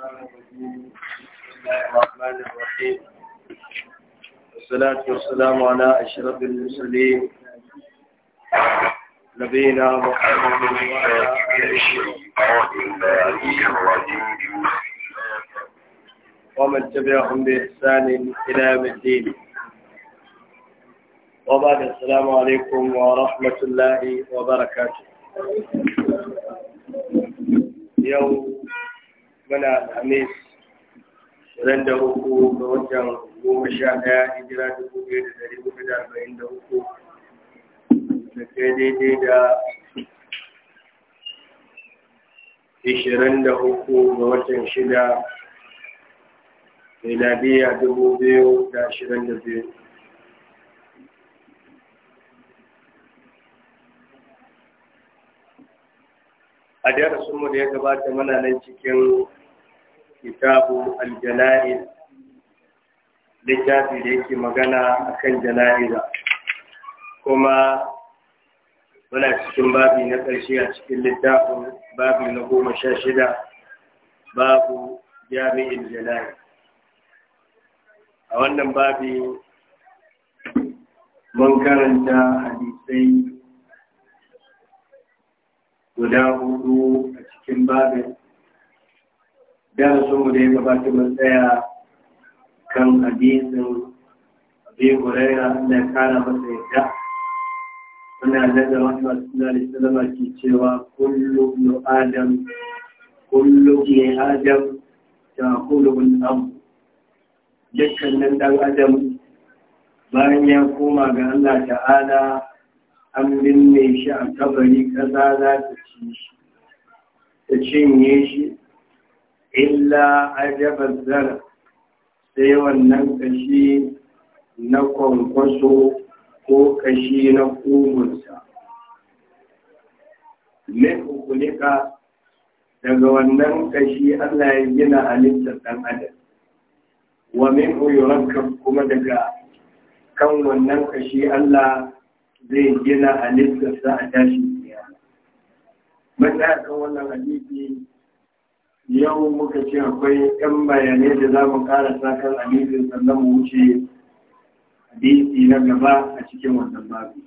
بسم الله الرحمن الرحيم والصلاة والسلام على أشرف المرسلين نبينا محمد وعلى آله ومن تبعهم بإحسان إلى يوم الدين وبعد السلام عليكم ورحمة الله وبركاته يوم muna hamis ran da uku ga watan goma sha ɗaya hijira dubu biyu da dari hudu da arba'in da uku da kai daidai da ishirin da uku ga watan shida miladiya dubu biyu da ashirin da biyu a darasinmu da ya gabata mana nan cikin kitabu aljala'il littafi da yake magana akan jala'iza kuma muna cikin babi na ƙarshe a cikin littafin babi na goma sha shida babu jami'in jala'i a wannan babi mun karanta hadisai guda hudu a cikin babin da su da ya gabata mun tsaya kan hadisin abi huraira da kara masa yadda ana daga wani masu da salama ke cewa kullu ibn adam kullu ibn adam ta kullu ibn dukkan dukkanin dan adam bayan ya koma ga Allah ta'ala an binne shi a kabari kaza za ta ci shi ta cinye shi illa ajabar zara sai wannan kashi na kwankwaso ko kashi na kumunsa Mai hukulika daga wannan kashi Allah ya gina halittar ɗan adam wa min uyuranka kuma daga kan wannan kashi Allah zai gina halittarsa a tashi kiyama. Mata kan wannan hadisi yau muka ce akwai yan bayanai da za mu kara sakar amirin sannan mu wuce hadisi na gaba a cikin wannan babu.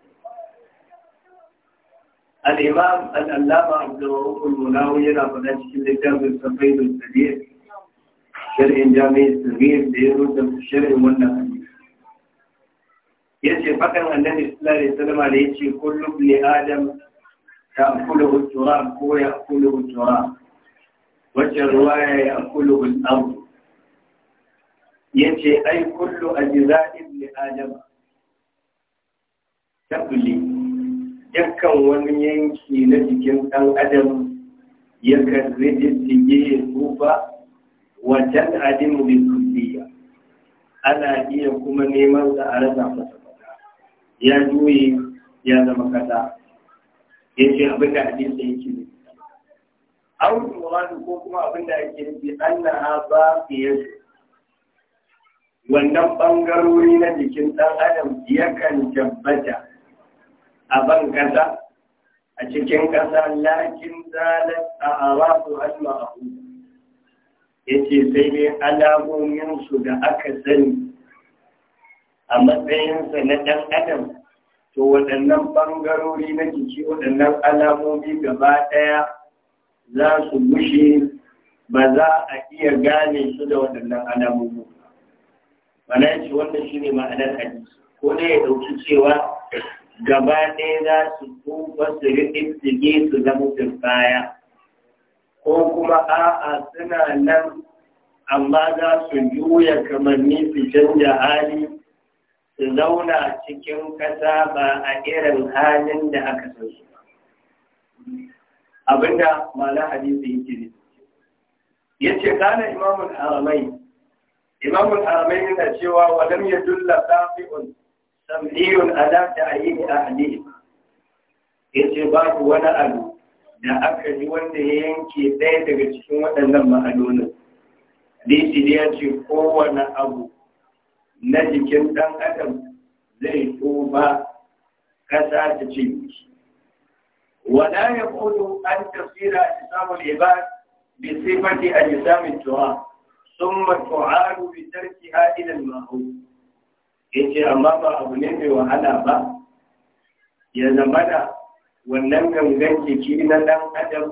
Al’imam al’allama Abdullahi Munawu yana faɗa cikin littafin safai da sadiya, shirin jami'in sadiya da ya zo da shirin wannan hadisi. Ya ce faɗin annan Islam ya da ya ce, Kullum ne Adam ta kula wuturan ko ya kula wuturan. Wajen ruwa ya yi kulu bin abu ya ce ai kullu a jiza'in li adam tabli yakan wani yanki na jikin ɗan adam yakan tsige ya tsufa wajen adimu mai kudiya ana iya kuma neman da a rasa masa ya juye ya zama kasa ya ce abin da hadisi yake ne aw muradu ko kuma abin da ake nufi annaha baqiyatu wannan bangarori na jikin ɗan adam yakan tabbata a ban kasa a cikin kasa lakin zalat a arafu al yace sai dai alamomin su da aka sani a matsayinsa na ɗan adam to waɗannan bangarori na jiki waɗannan alamomi gaba ɗaya za su bushe ba za a iya gane su da waɗannan alamomi na ce wannan shi ne ma'anar hadisi ko ne ya ɗauki cewa gaba ne za su kuma su riɗiɗɗige su zama baya ko kuma a'a suna nan amma za su juya kamar ni su canja hali su zauna cikin ƙasa ba a irin halin da aka san su abinda malan hadisi yake ne yace kana imamul haramai imamul haramai yana cewa wa lam yadulla safi'un sam'iyun ala ta'yin ce yace babu wani abu da aka yi wanda ya yanke ɗaya daga cikin waɗannan ma'anonin hadisi ne ya ce kowane abu na jikin ɗan adam zai tuba ƙasa ta ce ولا يقول أن تصير أجسام العباد بصفة أجسام التراب ثم تعاد بتركها إلى المعروف yace amma ba abu ne mai wahala ba wannan gangan ke jiki na ɗan adam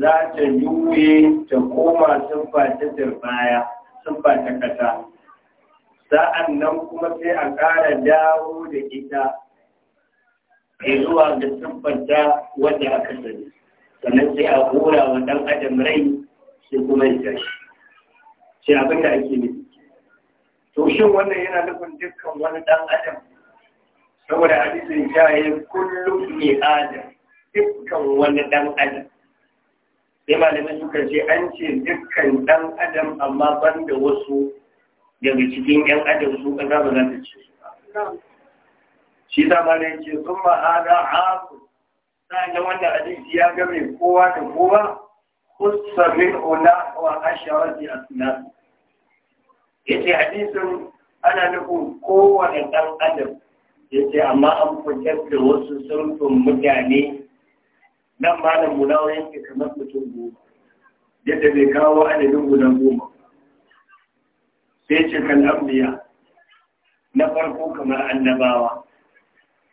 za ta juye ta koma siffa ta jirbaya siffa ta kasa sa'an nan kuma sai a ƙara dawo da ita ya zuwa ga siffanta wanda aka sani sannan sai a hura wa ɗan adam rai sai kuma ya tashi sai abin da ake nufi to shin wannan yana nufin dukkan wani ɗan adam saboda hadisin yi kullum ne adam dukkan wani ɗan adam sai malamai suka ce an ce dukkan ɗan adam amma ban da wasu daga cikin ‘yan adam su ƙasa ba za ta ce shi da ma da yake sun ma'ana haku sa'an wanda hadisi ya game kowa da kowa kusa min ola wa asharati Ya ce hadisin ana nufin kowane dan adam Ya ce amma an fitar da wasu sarfin mutane nan da mulawa yake kamar mutum goma yadda bai kawo adadin guda goma sai ce kan ambiya na farko kamar annabawa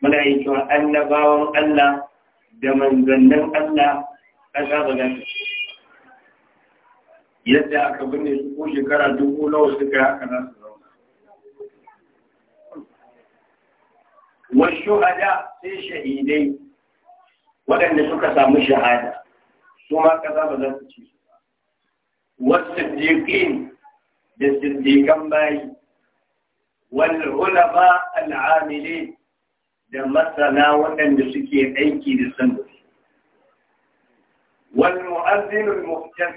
muna yi cewa annabawan Allah da manzannin Allah an saba ganta yadda aka binne su ko shekara dubu nawa suka yi haka za su zauna wasu ada sai shahidai waɗanda suka samu shahada su ma kaza ba za su ci su wasu siddiƙin da siddiƙan bayi wal ulama al'amilin da masana waɗanda suke aiki da sandari wani mu'azzin al da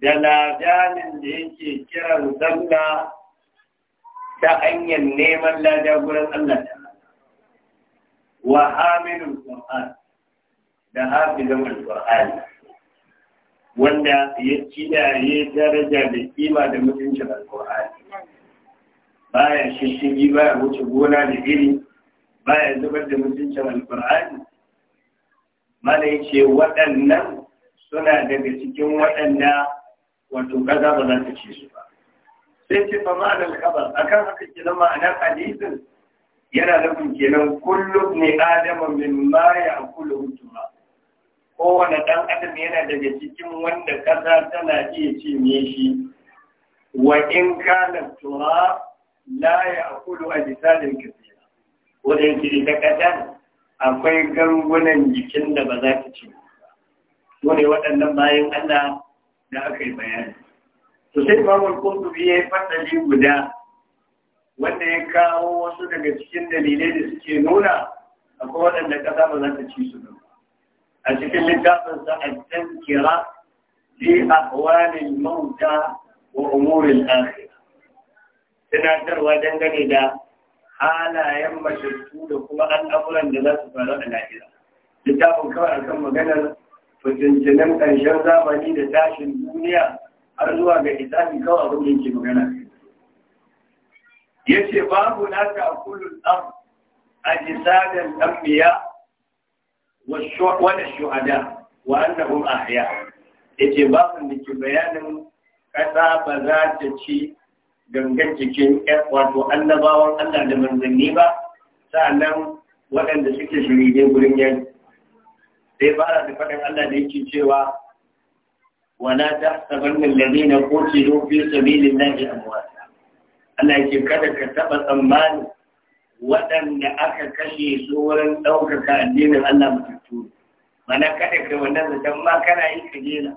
da ladanin da yake kiran sallah ta hanyar neman lada gurin Allah ta wa haminin qur'an da hafizan quran wanda ya kidaye daraja da kima da mutuncin al-qur'an baya shishigi baya wuce gona da iri baya zubar da mutuncin alkur'ani mana ce waɗannan suna daga cikin waɗanda wato kaza ba za ta ce su ba sai ce fa ma'anar kabar akan haka a ma'anar hadisin yana nufin kenan kullum ne adama min ma a akulu hutuma kowane ɗan adam yana daga cikin wanda kaza tana iya ne shi wa in kana tura la ya kudu a bisalin kasiya ko da yake akwai gangunan jikin da ba za ta ci su ne waɗannan bayan Allah da aka yi bayani to sai imamul qurtubi ya fasali guda wanda ya kawo wasu daga cikin dalilai da suke nuna akwai waɗanda ƙasa ba za ta ci su ba a cikin littafin sa at-tazkira fi ahwalil mauta wa umuril akhirah tunatarwa dangane da halayen mashirku da kuma al'amuran da za su faru a lahira littafin kawai a kan maganar fitintinin ƙanshen zamani da tashin duniya har zuwa ga isafi kawai abin yake magana ya ce babu na a kullum ɗan a jisadan ɗanbiya wani shuhada wa annahum ahya ya ce babu da ke bayanin ƙasa ba za ta ci gangan cikin wato annabawan Allah da manzanni ba nan waɗanda suke shirye gurin yanki sai fara da faɗin Allah da yake cewa wala tahsabanna alladhina qutilu fi sabilillahi amwat Allah yake kada ka taɓa tsammani waɗanda aka kashe su wurin ɗaukaka addinin Allah mutattu mana kada ka wannan zaton ma kana yi kajela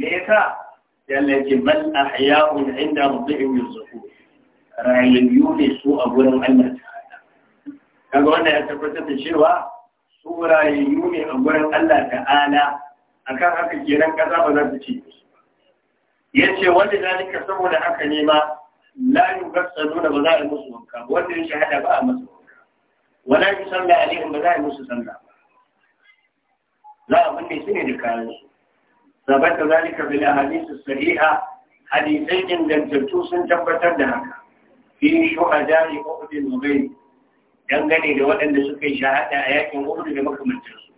me yasa yalla ce bal ahya'un inda mutum yuzuku rayayyu ne su a gurin Allah ta'ala kaga wannan ya tabbatar da cewa su rayayyu ne a gurin Allah ta'ala akan haka kiran kaza ba za ta ce yace wanda zalika saboda haka ne ma la yughassaluna ba za a musu wanka wanda ya shahada ba a musu wanka wala yusalla alaihim ba za a musu sallah za a binne su ne da kayan su ثبت ذلك بالأحاديث الصحيحة حديثين لم تبتوس تبتدها في شهداء أحد وغيره dangane da waɗanda suka yi shahada a yakin Uhud da makamantarsu.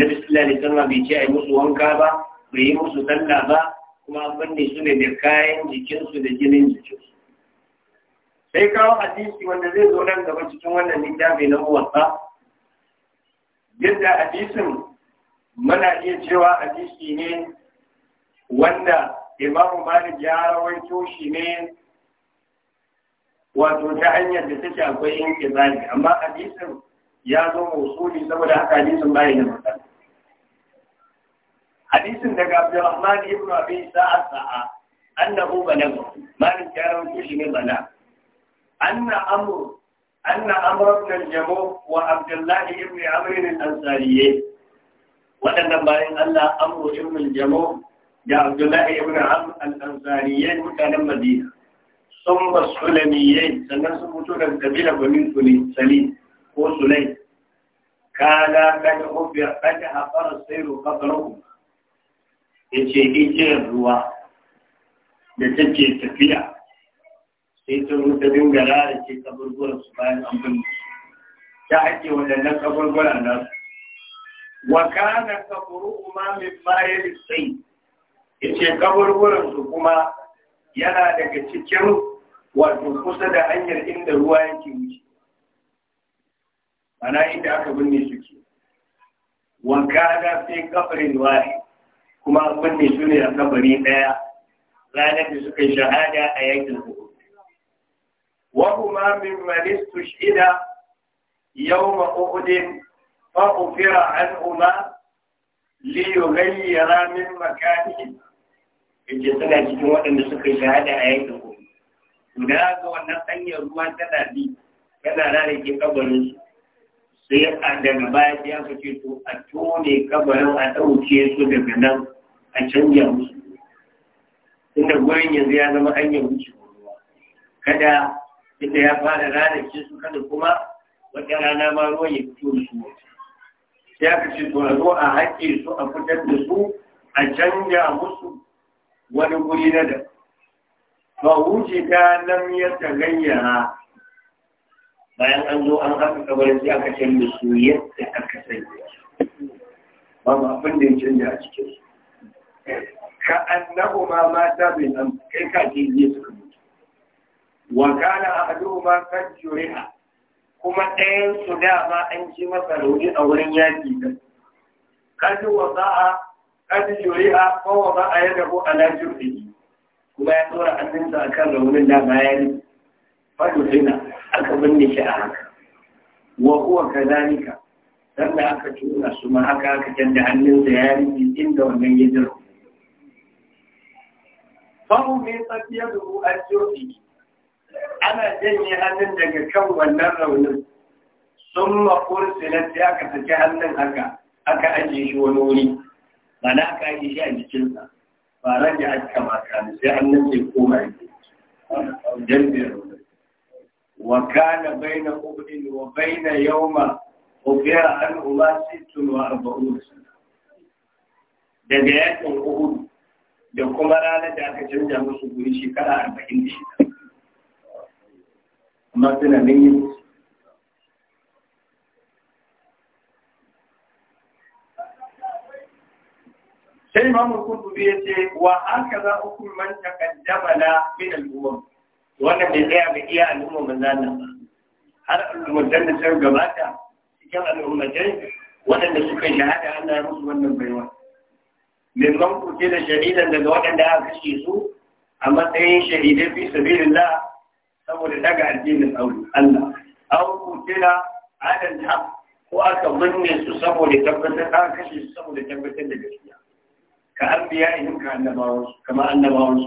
na sallallahu alaihi wasallam bai ce a yi musu wanka ba, bai yi musu sallah ba, kuma an binne su ne da kayan jikinsu da jinin jikinsu. Sai kawo hadisi wanda zai zo nan gaba cikin wannan littafi na Uwasa. Yadda hadisin muna iya cewa hadisi ne wanda Imam Malik ya rawaito shi ne wato ta hanyar da take akwai inkizali amma hadisin ya zo mausuli saboda haka hadisin bai da matsala hadisin daga Abdurrahman ibn Abi Sa'ad sa'a annahu balagha Malik ya rawaito shi ne bala anna amr anna amr ibn al-Jamu wa Abdullah ibn Amr al-Ansari wadannan bayan Allah amr ibn al-Jamu da Abdullahi ibn Amr al-Ansariyai mutanen Madina sun ba Sulamiyai sannan sun mutu daga kabila Bani Sulaim ko Sulaim kala kada ubiya kada hafara sairu kafaru yace ijiyar ruwa da take tafiya sai ta ruta dinga lalace kaburburan su bayan an bin ta ake waɗannan kaburburan nan wa kana kaburu ma min bayan sai yace kaburburin su kuma yana daga cikin wato kusa da hanyar inda ruwa yake wuce mana inda aka binne su ke wanka da sai kabarin wari kuma binne su ne a kabari ɗaya ranar da suka shahada a yankin hudu wa kuma min malistu shida yau ma'udin fa'ufira an'uma liyughayyira min makanihim yake suna cikin waɗanda suka shahada a yankin ku to da ga wannan hanyar ruwa tana bi tana ke kabarin su sai a daga baya sai aka ce to a tone kabarin a ɗauke su daga nan a canja musu inda gurin yanzu ya zama hanyar wuce ruwa kada ita ya fara ke su kada kuma wata rana ma ruwan ya fito da su ya fi ce zo a haƙe su a fitar da su a canja musu wani guri na da ba wuce ta nan ya tagayyara bayan an zo an haka kabarin sai aka canja su yadda aka sanya ba ma abin da ya canja a cikin su ka annahu ma mata bai an kai ka ce zai suka mutu wa kana ma kan juri'a kuma ɗayan su dama an ji masa rauni a wurin yaƙi da kaji wasa'a kaji shuri'a a kowa ba a yadda ko ana jurfi kuma ya tsora hannunsa a kan raunin da bayan fadulina aka binne shi a haka wa huwa kazalika sannan aka tura su ma haka aka canza hannunsa ya rufe inda wannan ya jiro. Fahu mai tsakiyar da ru'ar jurfi ana janye hannun daga kan wannan raunin sun mafur sai ka saki hannun haka aka ajiye shi wani wuri na aka ajiye shi a jikinsa ba ran da aka kamata sai hannun sai koma yake jan bai raunin wa kana baina ubdin wa baina yawma ubira an uba ba'u wa arba'un daga yakin uhud da kuma ranar da aka canja musu guri shekara arba'in da shida amma suna nan yin sai imamul kuntubi ya ce wa ka za a man takaddama na min al'ummar wannan bai tsaya ga iya al'ummar manzana ba har dan da sun gabata cikin al'ummar waɗanda suka shahada ana ya musu wannan baiwa mimman ke da shahidan daga waɗanda aka kashe su amma matsayin shahidai fi sabilillah أول لقى الدين الأول أن أو قتل على الحق وأت ظن يسبو لتبت آكش يسبو لتبت الإسلام كأنبيائهم كأن باروس كما أن باروس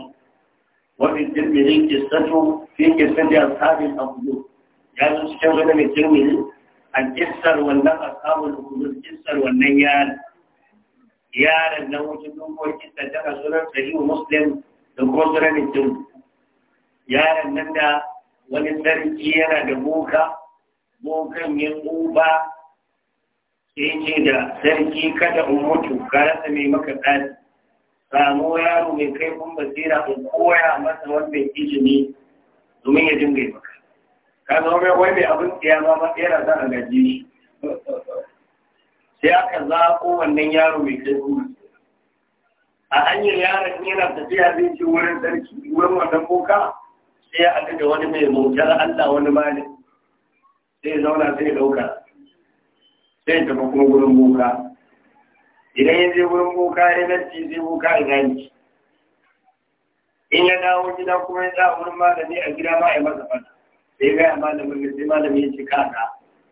وفي الترمذي قصته في قصة أصحاب الأخدود جالس شغل من الترمذي الجسر والنقى أصحاب الأخدود الجسر والنيال يا رب لو جنوب وجدت جرى سنة صحيح ومسلم ذكر سنة الترمذي yaron nan da wani sarki yana da boka bokan yin uba sai ce da sarki kada in mutu ka rasa mai maka tsari samu yaro mai kaifin basira in koya masa wannan ne domin ya dinga yi maka ka zama wai mai abin tsiya ma matsayar za a gaji shi sai aka zaƙo wannan yaro mai kaifin a hanyar yaron yana tafiya zai ce wurin sarki wurin wannan boka sai ya aka ga wani mai mautar Allah wani mali sai zauna sai dauka ɗauka sai tafi kuma gurin boka idan ya je gurin boka ya lanci zai boka ya ganci in ya dawo gida kuma ya dawo wurin malami a gida ma ya masa fata sai gaya malamin da sai malami ya ce kaka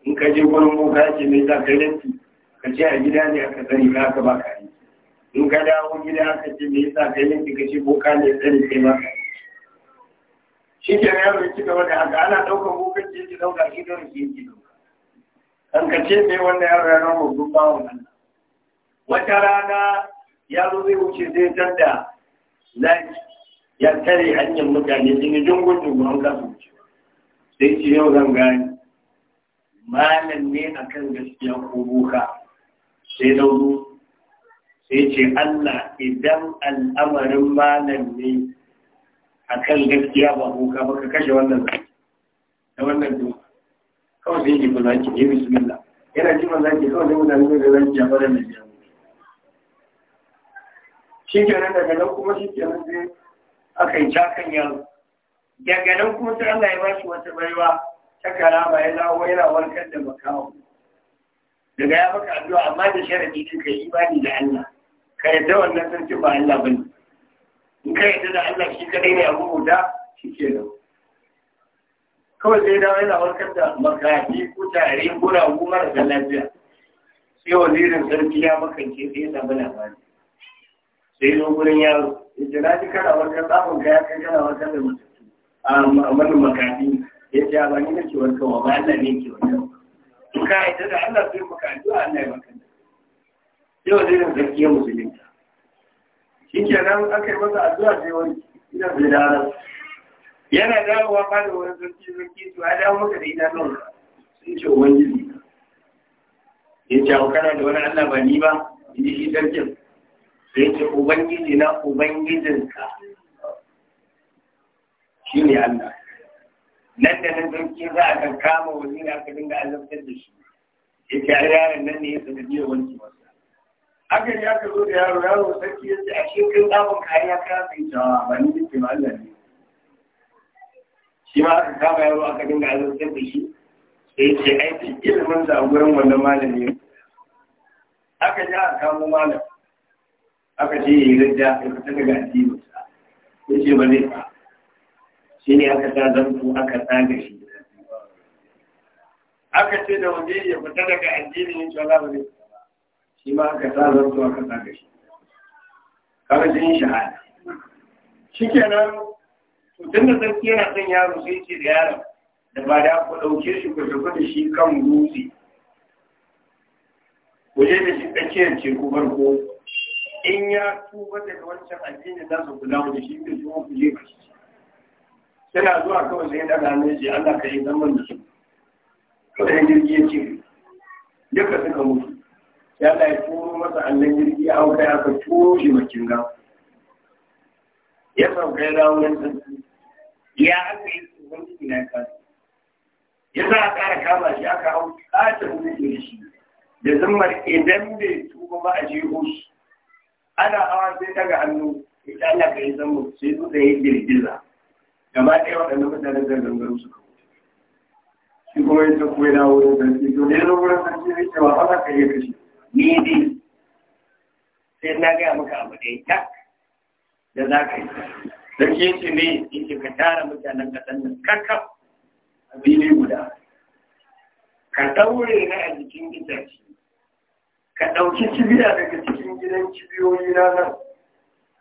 in ka je gurin boka ya ce mai za ka yi ka ce a gida ne aka sani ka aka ka yi in ka dawo gida aka ce mai za ka lanci ka ce boka ne sani kai baka yi shi ke na yaro ya ci gaba da haka ana ɗaukar kukan ce ki ɗauka shi don shi ki ɗauka kan ka ce mai wanda yaro ya rama gurba wannan wata rana yaro zai wuce zai tadda laki ya tare hanyar mutane sun yi jungun jungun an kasa wucewa sai ce yau zan gani malam ne akan gaskiya ko buka sai lauru sai ce Allah idan al'amarin malam ne a kan gaskiya ba kuka ba ka kashe wannan da wannan duma kawai sai ji kuma za ki yi bismillah yana ji man za kawai sai mutane da za ki ya fara da jiya shi nan daga nan kuma shi nan sai aka yi cakan yaro daga nan kuma sai Allah ya ba shi wata baiwa ta karama ya lawo yana warkar da makawo daga ya baka addu'a amma da sharadi ne kai imani da Allah ka da wannan sarki ba Allah bane in ka da Allah shi kadai ne abu guda shi ke nan kawai sai dawo yana warkar da makafi ko tare ko ragu da lafiya sai wazirin sarki ya makance sai ya samu labari sai zo gurin yaro ya na ji kana warkar tsafin ka ya kai kana warkar da mutum a manin makafi ya ce ba ni nake warkarwa ba Allah ne ke warkarwa in ka yadda da Allah sai maka addu'a Allah ya maka yau wazirin sarki ya musulmi shi nan aka yi masa addu'a sai wani idan bai dawo yana dawowa ba da wani zurfi zurfi to ya dawo maka da nan sun ce ubangiji ya ce abu kana da wani allah ba ni ba in ji shi sarkin sai ya ce ubangiji na ubangijinka shi ne allah nan da nan zurfi za a kan kama wani da aka dinga azabtar da shi ya ce a yaran nan ne ya biyar wanki ba? aka ya aka da yaro yaro sarki ya ce a shekin tsabon kariya ya kaya sai jawa ba ni da ma Allah ne shi ma aka kama yaro aka dinga azurtar da shi sai ce ai duk ilimin da a gurin wannan malami aka ja a kamo malam aka ce ya yi rajja ya fita daga addinin ya ce ba zai ba shi ne aka sa zanto aka da shi aka ce da waje ya fita daga addinin ya ce wala ba zai shi ma aka sa zarto aka sa gashi kaga jin shahada shikenan to tun da sarki yana son yaro sai ce da yaron da ba da ku ɗauke shi ku tafi da shi kan dutse ku je da shi tsakiyar ce farko in ya tuba daga wancan addini za su kula da shi da shi ku je ba shi suna zuwa kawai sai daga hannun shi Allah ka yi zaman da su kawai jirgi ya ce duka suka mutu ya Allah ya turo masa allon jirgi a wuta ya ka turo shi makin gawa ya sauka ya dawo nan sarki ya aka yi tsohon ciki na ya ya za a ƙara kama shi aka hau ƙata hudu shi da zammar idan bai tuba ba a jeho shi ana hawa sai daga hannu ta Allah ka yi zama sai su da yi girgiza gaba ɗaya waɗanda mutane da gangaru su kawo shi kuma ya ta kuwa na wurin sarki to ne zo wurin sarki ne ce ba haka ka yi kashe ni sai na gaya maka abu da ya da za ka yi don shi yake ne ce ka tara mutanen kasan nan kakaf a fili guda ka daure na a jikin gidaje ka ɗauki cibiya daga cikin gidan cibiyoyi na nan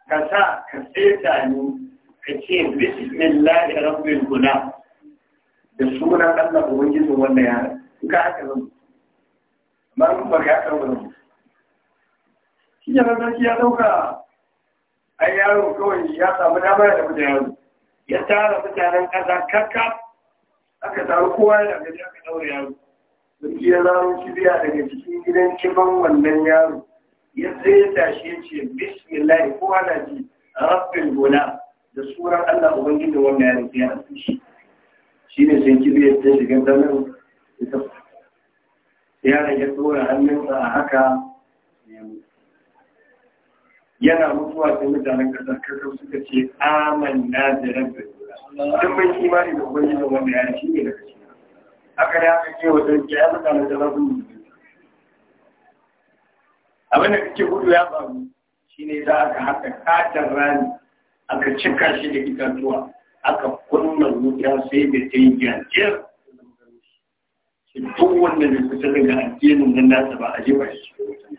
ka sa ka seta ni ka ce bismillah ya rabbil guda da sunan Allah ubangijin wannan yaran in ka haka zan amma in ba ka haka zan shi ne sarki ya ɗauka a yaro kawai ya samu dama da mutu yaro ya tara mutanen ƙasa kakka aka taru kowa ya gaji aka ɗaure yaro sarki ya zaro shi daga cikin gidan kiban wannan yaro ya sai tashi ya ce bismillah kowa na ji rabbin gona da suran Allah Ubangiji wannan yaro sai ya rasu shi shi ne sai kibi ya ta shiga zanen ya ta yaron ya tsora hannunsa a haka ya mutu yana mutuwa sai mutanen ƙasar kakar suka ce aman na da rabbi duk mai imani da ubangiji wanda ya shi ne daga cikin haka ne aka ce wa sarki ya mutanen da rabbi abin da kake gudu ya faru shi ne za aka haka katar rani aka cika shi da itatuwa aka kunna wuta sai da ta yi jajiyar shi duk wanda bai kusa daga addinin nan nasa ba a jefa shi cikin wutan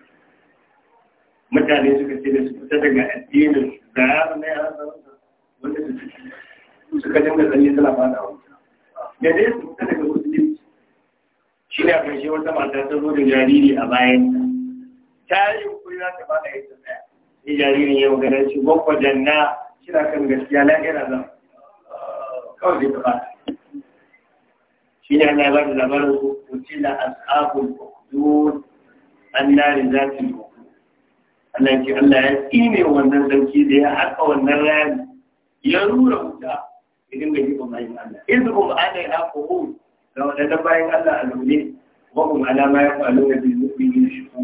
mutane suka ce da suka fita daga addinin da ya zama ya wanda su suka dinga zanne suna da wuta da dai su fita daga musulunci shi ne a ƙarshe wata mata ta zo da jariri a bayan ta yi kuri za ta da yadda tsaya sai jaririn ya magana shi gwakwa janna na kan gaskiya Yana zan kawai zai ta fada shi ne ana ba da labarin kutila ashabul ukhdud annar zatil ku. Allah ce Allah ya tsine wannan sarki da ya haƙa wannan rani ya rura wuta ya dinga jiba bayan Allah idan kuma ana ya ko da wannan bayan Allah a lule wa kuma alama ya falo da bi mu'minin shuku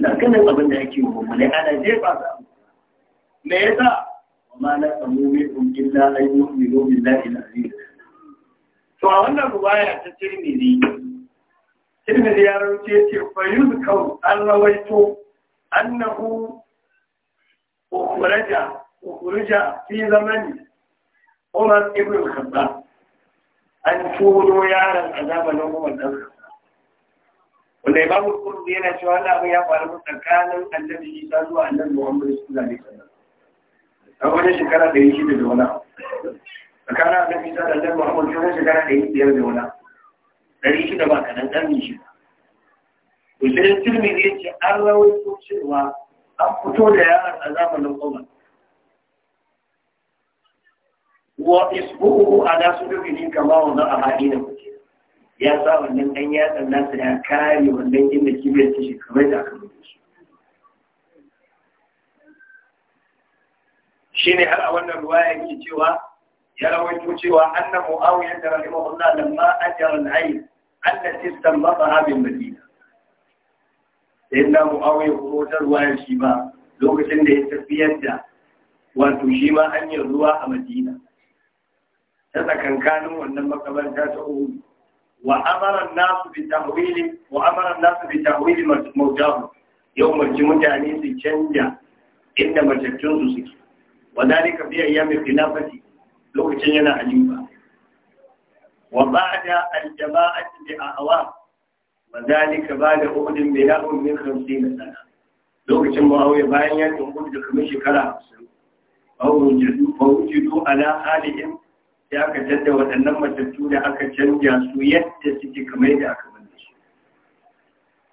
dan kanan abin da yake wa mu ne ana jefa sa me yasa ma na samu minkum illa an yu'minu billahi al-aziz to a wannan ruwaya ta Tirmidhi Tirmidhi ya rawaito ce fa yuzkau an rawaito أنه أخرج أخرج في زمن عمر ابن الخطاب أن تولوا يارا العذاب لهم الأخر wanda ya babu kurdu yana cewa Allah abin ya faru tsakanin annabi Isa zuwa annabi Muhammad sallallahu alaihi wasallam a wajen shekara da yake da wani tsakanin annabi Isa da annabi Muhammad sallallahu alaihi shekara da yake da wani dari shida ba kadan dan shi to sai tirmidhi yace an rawaito cewa an fito da yaron a zamanin Umar wa isbu'uhu ala sudubihi kama wada a kuke. ya sa wannan ya yatsan nasa ya kare wannan inda kibiyar ta shi kamar da aka rubuta shi ne har a wannan ya ke cewa ya rawaito cewa anna muawiya da rahimahullah lamma ajara al-ayn anna istambaha bil madina inda yadda mu'awiyar kuma wata shi ba lokacin da ya tafiyar da wato shi ma hanyar ruwa a madina ta tsakankanin wannan makamanta ta uhudu wa amaran nasu bi tahwili wa amaran nasu bi tahwili mautahu yau marci mutane su canja inda matattun su suke wa dalika bi ayyami khilafati lokacin yana ajuba wa ba'da al-jama'ati bi ahwa wa zalika ba da uhudin bai da'un min hamsi na sana lokacin muawiya bayan yakin uhud da kamar shekara hamsin fa wujudu ala halihim sai aka waɗannan matatu da aka canza su yadda suke kamar yadda aka manne su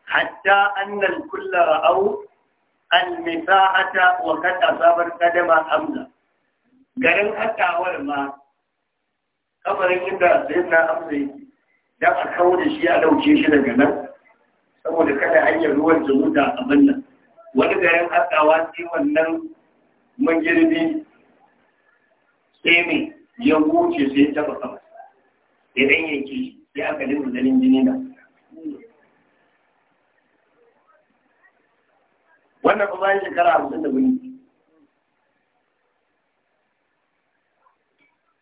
hatta annal kulla ra'au al-misa'ata wa kad asabar kadama hamza garin hattawar ma kabarin inda sayyidina hamza yake da a kawo da shi a dauke shi daga nan saboda kada hanyar ruwan zumunta a abin nan wani garin haɗawa sai wannan magirbi sai mai ya goce sai ya taɓa kama ya ɗan yanki shi ya kalin dinga jini na wannan ba bayan shekara hamsin da wuni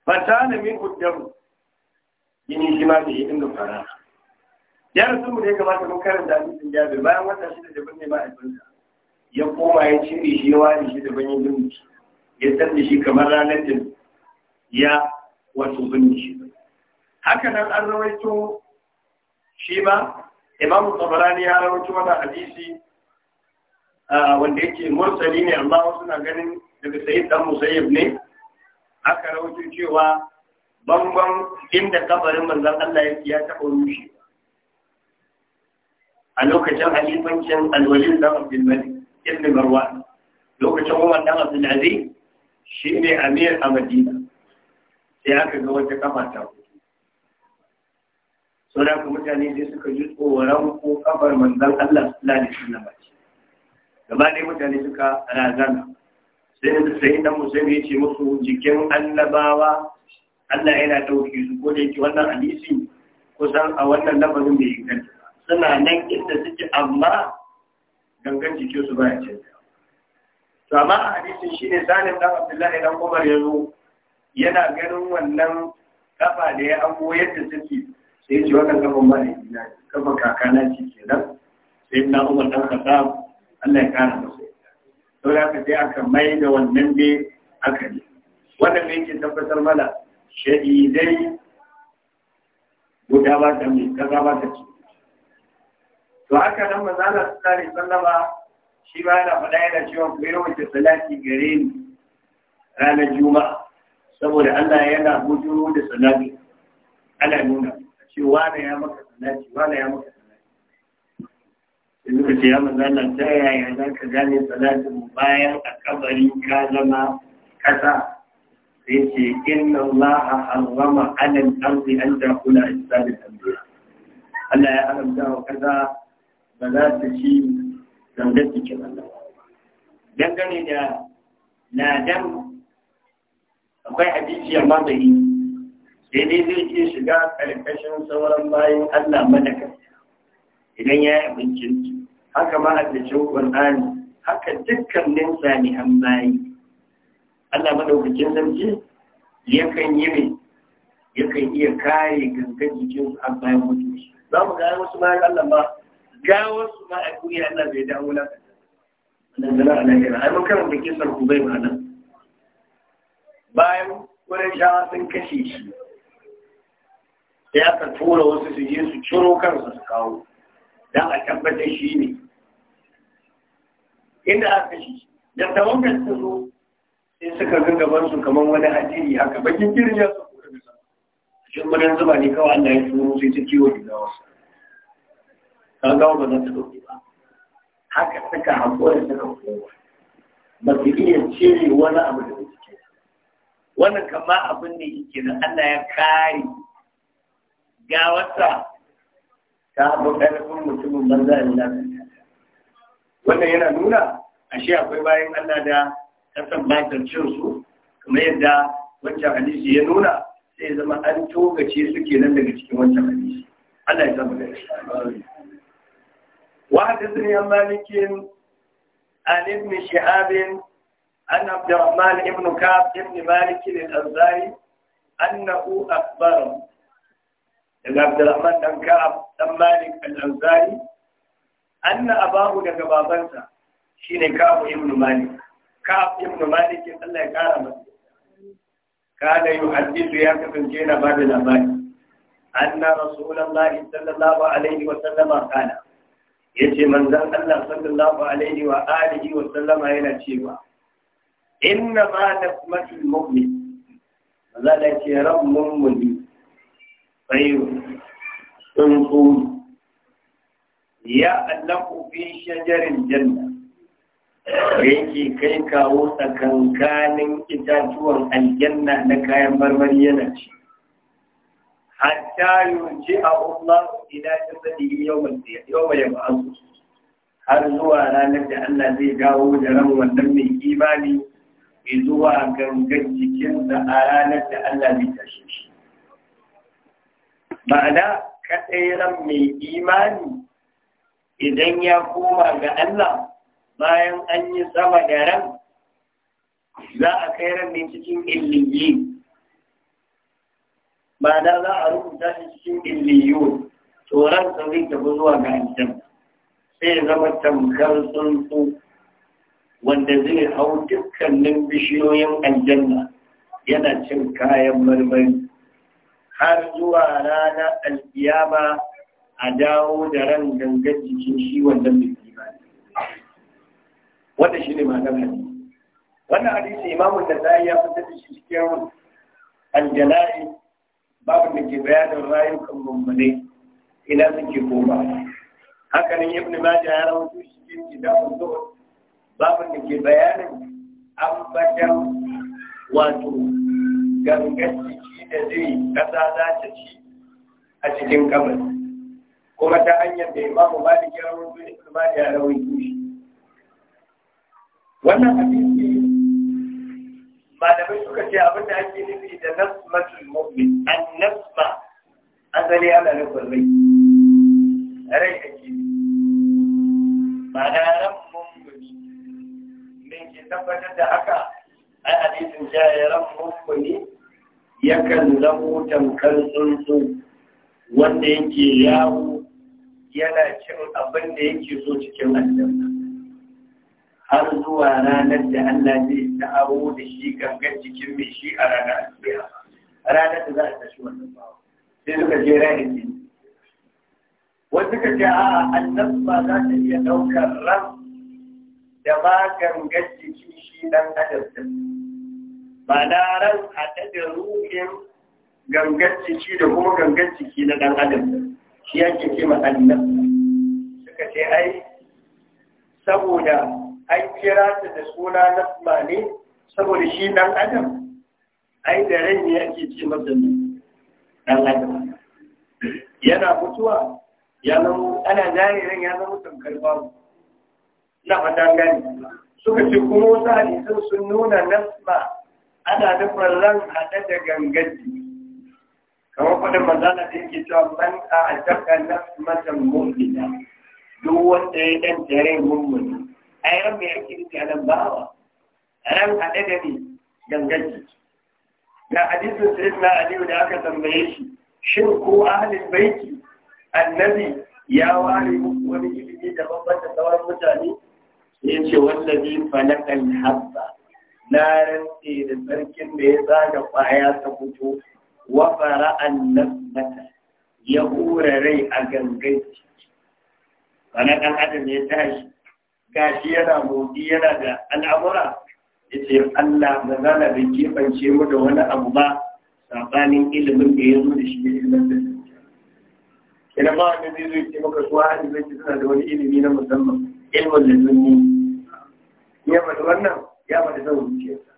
fata na min kudamu yini shi ma bai yi dinga fara ya rasu mu da ya kamata mun karanta hadisin jabi bayan wata shi da ne mahaifinsa ya koma ya cire shi ya ware shi da banyan dinki ya da shi kamar ranar da ya wato bin shi haka nan an rawaito shi ba imamu tabarani ya rawaito wannan hadisi wanda yake mursali ne amma wasu na ganin daga sayyid dan musayyib ne aka rawaito cewa bangon inda kabarin manzon Allah yake ya taɓa rushe a lokacin halifancin alwalin dan Abdulmalik ibn Marwan lokacin Umar dan Abdul Aziz ne amir a Madina sai aka ga wata kafa ta sau da mutane sai suka ji tsoron ko kabar manzon Allah sallallahu alaihi wasallam gaba ɗaya mutane suka razana sai da sai dan musulmi ya ce musu jikin annabawa Allah yana ɗauke su ko da yake wannan hadisi kusan a wannan lamarin bai inganta suna nan inda suke amma gangan jikin su baya canza to amma a hadisin shine zalim dan Abdullahi dan Umar yazo yana ganin wannan kafa da ya ango yadda suke sai ya ce wannan kafan ba ne kafa kakana ce kenan sai na Umar dan Khattab Allah ya kara masa to da ka sai aka mai da wannan dai aka ne wannan ne yake tabbatar mana shahidai guda ba da mai kaza ba da ci. to haka nan manzala su alaihi sallama, shi ba yana faɗa yana cewa ku wace salati gare ni ranar juma'a saboda Allah yana bujuro da salati ana nuna cewa na ya maka salati na ya maka yanzu ka ce ya manzana ta yaya za ka gane salatin bayan a kabari ka zama kasa sai ce inna Allah harrama alal ardi an ta'kula ajsadal anbiya Allah ya haramta wa kaza ba za ta ci zanga cikin Allah dangane da ladan akwai hadisi amma da yi sai dai zai iya shiga karkashin sauran bayan Allah madaka idan ya yi abincin haka ma a cikin Qur'ani haka dukkanin salihan bayi Allah madaukakin sarki yakan yi mai yakan iya kare gangan jikin su an bayan mutu za mu ga wasu bayan Allah ba ga wasu ma a kuyi Allah bai dawo na dangana a lahira ai mun karanta kisan ku bai ma nan bayan wurin shawa sun kashe shi sai aka tura wasu su je su ciro kansa su kawo Da a tabbatar shi ne inda aka shi da tawagar ta zo sai suka ga gaban su kamar wani hadiri haka bakin kirin ya sauko daga sama shin mun zuba ne kawai Allah ya turo sai ta kiwo da wasu ka ga ba za ta dauke ba haka suka hakura suka kowa ba su iya cire wani abu da suke wannan kama abin ne yake da Allah ya kare Gawarsa ta abu ƙarfin mutumin banza da lafiya wannan yana nuna ashe akwai bayan Allah da kasan bakin cin su kamar yadda wancan hadisi ya nuna sai zama an togace su kenan daga cikin wancan hadisi Allah ya samu da shi وحدثني عن مالك عن ابن شهاب عن عبد Ibn بن كعب بن مالك الأنصاري أنه أخبره daga Abdulrahman dan kaf dan Malik al azari anna abahu daga babansa shine Ka'ab ibn Malik ka ibn malik Allah ya kara masa kana yuhaddithu ya kasance yana ba da labari anna rasulullahi sallallahu alaihi wa sallama kana yace manzan Allah sallallahu alaihi wa alihi wa sallama yana cewa inna ma naqmatul mu'min Allah ce ran mummuni tsayo tsuntsu ya ku fi shajarin janna yake kai kawo tsakankanin itatuwan aljanna na kayan marmari yana ci hatta yunci a Allah ila jasadi yawmal yawmal yab'ath har zuwa ranar da Allah zai dawo da ran wannan mai imani zuwa gangan jikinsa a ranar da Allah zai tashe shi ma'ana kaɗai ran mai imani idan ya koma ga Allah bayan an yi sama da ran za a kai ran ne cikin illiyi ba da za a rubuta shi cikin illiyo to ran zai tafi zuwa ga aljan sai zama tamkar tsuntsu wanda zai hau dukkanin bishiyoyin aljanna yana cin kayan marmari har zuwa rana alkiyama a dawo da ran gangan jikin shi wannan wannan shi ne ma'anar hadisi wannan hadisi imamu da zai ya fitar da shi cikin aljana'i babu da ke bayanin rayukan mummune ina suke koma haka nan ibn maja ya rawaito shi cikin kitabun zo, babu da ke bayanin ambatan wato gangan ciki da zai kasa za ta ci a cikin kamar kuma ta hanyar da imamu malik ya rawaito ibn majah ya rawaito shi wannan hadisi malamai suka ce abin da ake nufi da nasmatul mu'min an nasma asali ana nufin rai rai ake ma'ana ran mummuni min ke tabbatar da haka ai hadisin jaya ran mummuni yakan zamo tamkar tsuntsu wanda yake yawo yana cin abin da yake so cikin aljanna har zuwa ranar da Allah zai ta'awo da shi gangan cikin mai shi a ranar asibiya ranar da za a tashi wannan bawa sai suka je ranar ne wasu suka ce a ba za ta iya ɗaukar ran da ma gangan jiki shi ɗan adam ɗin ba na ran haɗe da ruhin gangan jiki da kuma gangan jiki na ɗan adam shi yake ce ma annabba suka ce ai saboda an kira ta da suna nasma ne saboda shi dan adam ai da rai ne yake ce masa ne dan adam yana mutuwa ya zama ana jaririn ya zama tamkar mu. na fata gani suka ce kuma wasu hadisan sun nuna nasma ana nufin ran hada da gangaji kamar faɗin manzana da yake cewa ban a ajaka nasmatan mu'mina duk wanda ya ɗan jarin mummuni ai ran mai ake nufi a nan bawa ran haɗe da ne danganci Da hadisin sayyidina aliyu da aka tambaye shi shin ko ahlul baiti annabi ya ware muku wani ilimi da bambanta sauran mutane ya ce wallazi falakal habba na rantse da sarkin da ya zaga kwaya ta fito wa fara'an nasbata ya hura rai a gangan ciki wani ɗan adam ya tashi gashi yana motsi yana da al'amura Ya ce Allah ba za na bai kebance mu da wani abu ba sabanin ilimin da ya zo da shi ilimin da kina ba wanda zai zo ce maka su ahli bai suna da wani ilimi na musamman ilimin da sun ya faɗi wannan ya faɗi zan zuciyarsa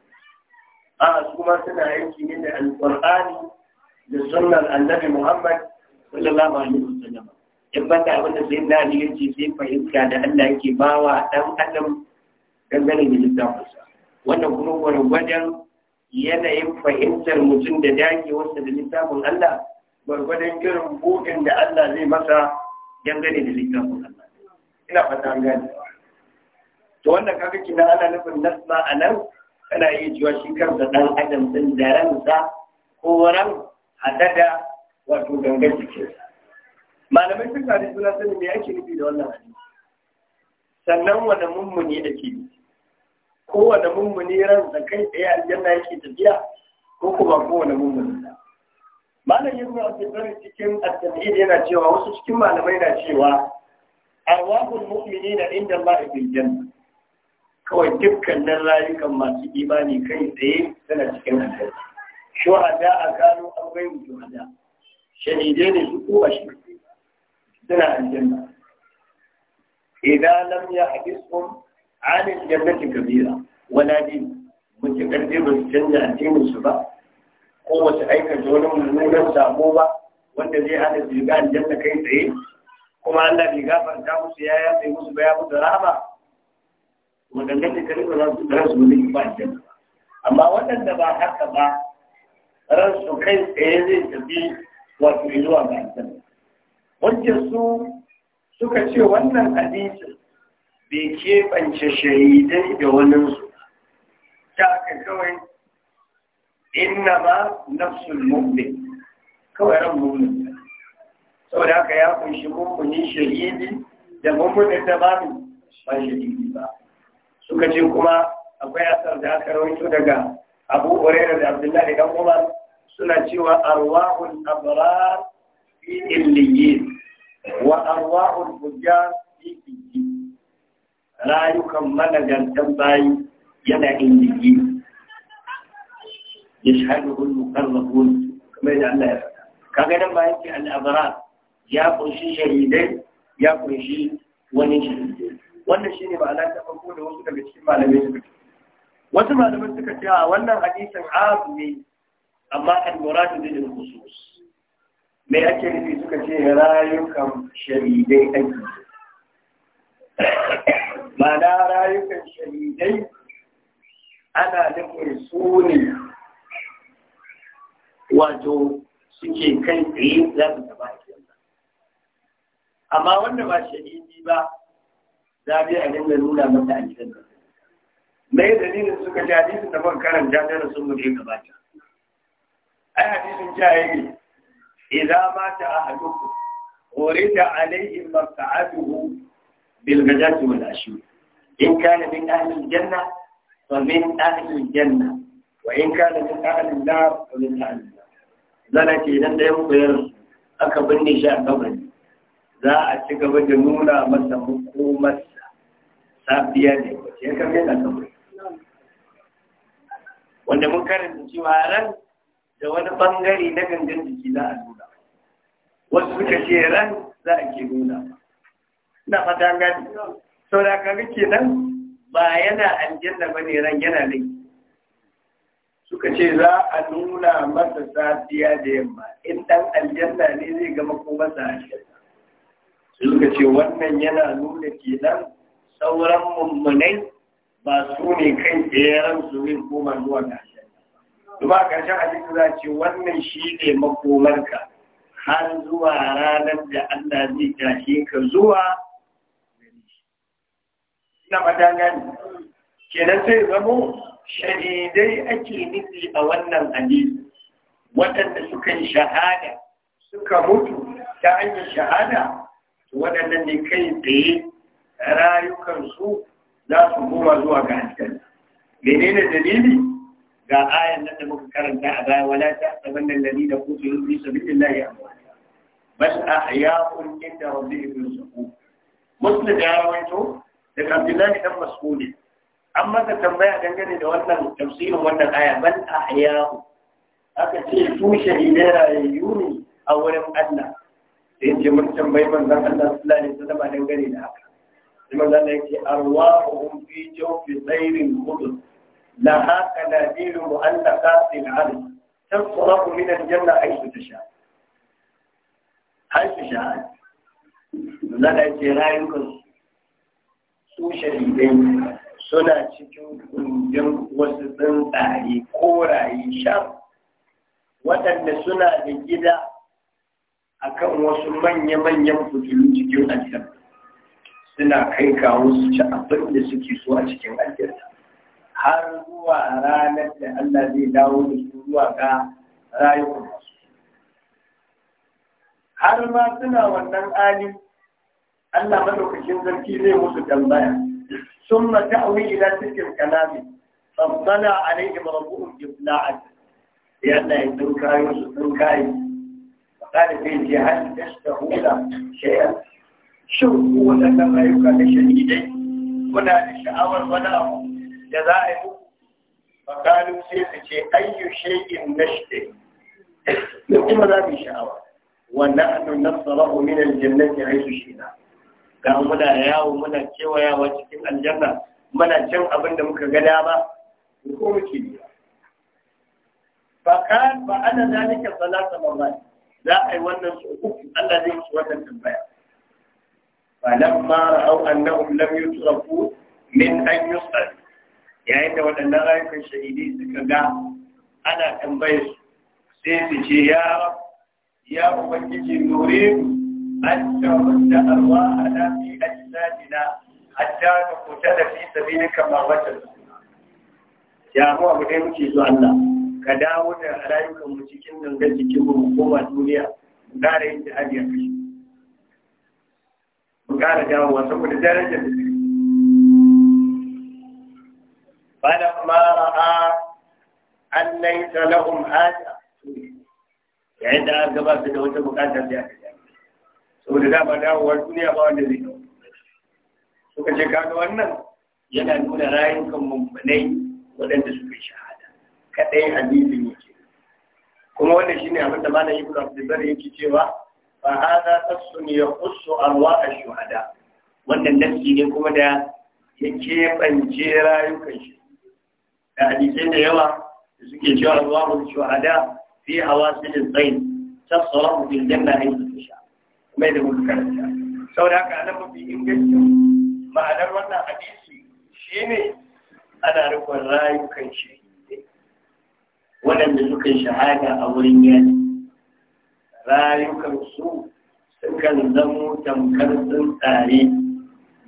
a su ma suna yanki ne da alƙur'ani da sunan annabi Muhammad sallallahu alaihi wa sallam. in ba ta abin da sai na ne yace sai fahimta da Allah yake bawa ɗan adam dangane da kusa, wannan kuma gwargwadon yanayin fahimtar mutum da dagewarsa da littafin Allah gwargwadon irin buɗin da Allah zai masa dangane da littafin Allah ina fata an gane to wannan kaga kina ana nufin nasma a nan kana iya cewa shi kansa ɗan adam din da ransa ko ran hada da wato gangar jikinsa malamai sun da suna sanin me ake nufi da wannan hadisi sannan wani mummuni da ke Ko wanda mummuni da kai tsaye aljanna yake tafiya ko kuma wanda mummuni ba malam yanzu a tsibirin cikin at-tabhid yana cewa wasu cikin malamai na cewa arwahul mu'minina inda Allah a janna kawai dukkanin rayukan masu imani kai tsaye suna cikin aljanna shuhada a gano an bayyana shuhada shahidai ne su a shi suna aljanna idan lam ya hadisum an aljannati kabira wala din muke dai ba su canja addinin su ba ko wasu aikata wani mummunan sabo ba wanda zai hana su shiga aljanna kai tsaye kuma Allah bai gafarta musu ya ya tsaye musu ba ya musu rahama wadanda ta karɓi za su da su wani ba aljanna amma waɗanda ba haka ba ransu kai tsaye zai tafi wato zuwa ga aljanna hujjar su suka ce wannan hadisin bai keɓance shahidai da waninsu ta aka kawai inna ma nafsul mu'min kawai ran Sau da aka ya kunshi mummuni shahidi da mummunin da ba mu ba shahidi ba suka ce kuma akwai asar da aka rawaito daga abu hurairah da abdullahi ɗan umar suna cewa arwahun abrar في إليين وأرواح الفجار في إليين rayukan managantan bayi yana indigi ya shahadu hullu karnahun kamar da Allah ya faɗa kaga nan ya wannan shine ma'ana ta da wasu daga cikin malamai suka ce wasu malamai suka ce a wannan hadisin abu ne amma al-muradu bil khusus me ake nufi suka ce rayukan shahidai ake mana rayukan shahidai ana nufin su ne wato suke kai tsaye za su taba amma wanda ba shahidi ba za a a dinga nuna mata a gidan da mai dalilin suka ji hadisin da ban karanta da rasu mu ne gabata ai hadisin jahili idza mata ahadukum urida alayhi maq'aduhu bil ghadati wal ashi in kana min ahli al janna fa min ahli al janna wa in kana min ahli al nar fa min ahli al nar zalati idan da yau bayar aka binne shi a kabari za a ci gaba da nuna masa hukumarsa safiya ne ya kafe na kabari wanda mun karanta cewa ran da wani bangare na gangan jiki za a nuna wasu suka ce ran za a ke nuna na fata gani sau da kaga kenan ba yana aljanna ba ne ran yana nan suka ce za a nuna masa safiya da yamma in ɗan aljanna ne zai gama ko masa aljanna suka ce wannan yana nuna kenan sauran mummunai ba su ne kan tseren su ne koma zuwa ga Duba a ƙarshen hadisi za zaci wannan shi ne makomarka har zuwa ranar da Allah zai tashe ka zuwa gari. Ina fata gani. Kenan sai zamo shahidai ake nufi a wannan hadisi waɗanda suka yi shahada suka mutu ta hanyar shahada Waɗanda ne kai tsaye rayukansu za su koma zuwa ga hankali. Menene dalili? ga ayan nan da muka karanta a baya wala ta saban nan ladhi da kutu fi sabilillahi bal ahya'un inda rabbihim yurzaqun da ya rawaito daga Abdullahi dan Mas'ud an masa tambaya dangane da wannan tafsirin wannan aya bal ahya'u aka ce su shahidai rayayyu ne a wurin Allah sai in ce mun tambayi manzon Allah sallallahu su wasallam dangane da haka sai manzon Allah ya ce arwahuhum fi jawfi tsairin qudus لها قناديل مؤلفات العرش تنطلق من الجنة حيث تشاء حيث شاءت لنا جيرانكم su shahidai suna cikin kungin wasu tsuntsaye koraye shan waɗanda suna da gida a kan wasu manya-manyan fitilu cikin aljanna suna kai kawo su ci abin da suke so a cikin aljanna har zuwa ranar da Allah zai dawo da su zuwa ga rayuwar har ma suna wannan ali Allah maɗaukacin zarki zai musu tambaya sun mata awi ila cikin kalami fassala alaihim rabbuhum jibla'at ya Allah ya turka su zai yi qala da shi tastahula shay'an shin wannan rayuka da shanidai? kuna da sha'awar wani abu da za a yi fakalu sai su ce ayyu shay'in nashte kuma za mu sha'awa wa nahnu nasrahu min aljannati haythu shi'na ga muna yawo muna kewayawa cikin aljanna muna cin abin da muka ga dama ko muke biya fakan ba ana zalika salata marrat za a yi wannan su uku Allah zai ci wannan tambaya falamma ra'aw annahum lam yutrafu min an yusal yayin da waɗannan rayukan shahidi suka ga ana tambayar su sai su ce ya ya ubangiji nure an tawar da arwa a lafi a jisadina hatta ka kuta da fi sabi kamar wata ya mu abu dai muke zuwa Allah ka dawo da rayukan mu cikin gangan cikin mu koma duniya mu ƙara yin jihadi a kashi mu gara dawowa saboda darajar da فلما رأى أن ليس لهم حاجة yayin da aka ba su da wata bukatar da aka yi saboda dama dawowar duniya ba wanda zai dawo suka ce kaga wannan yana nuna rayukan mummunai waɗanda suka shahada kaɗai hadisin yake kuma wannan shine abin da malam ibnu abdulbar yake cewa fa hadha tasun yaqussu arwa ash-shuhada wannan nafsi ne kuma da ya keɓance rayukan shi da hadisai da yawa da suke cewa ruwahul shuhada fi hawasil zain mu fil janna haythu tasha kuma da muka karanta saboda haka nan mafi ingancin ma'anar wannan hadisi shine ana rukun rayukan shahidai waɗanda suka shahada a wurin yaki rayukan su sukan zamo tamkar sun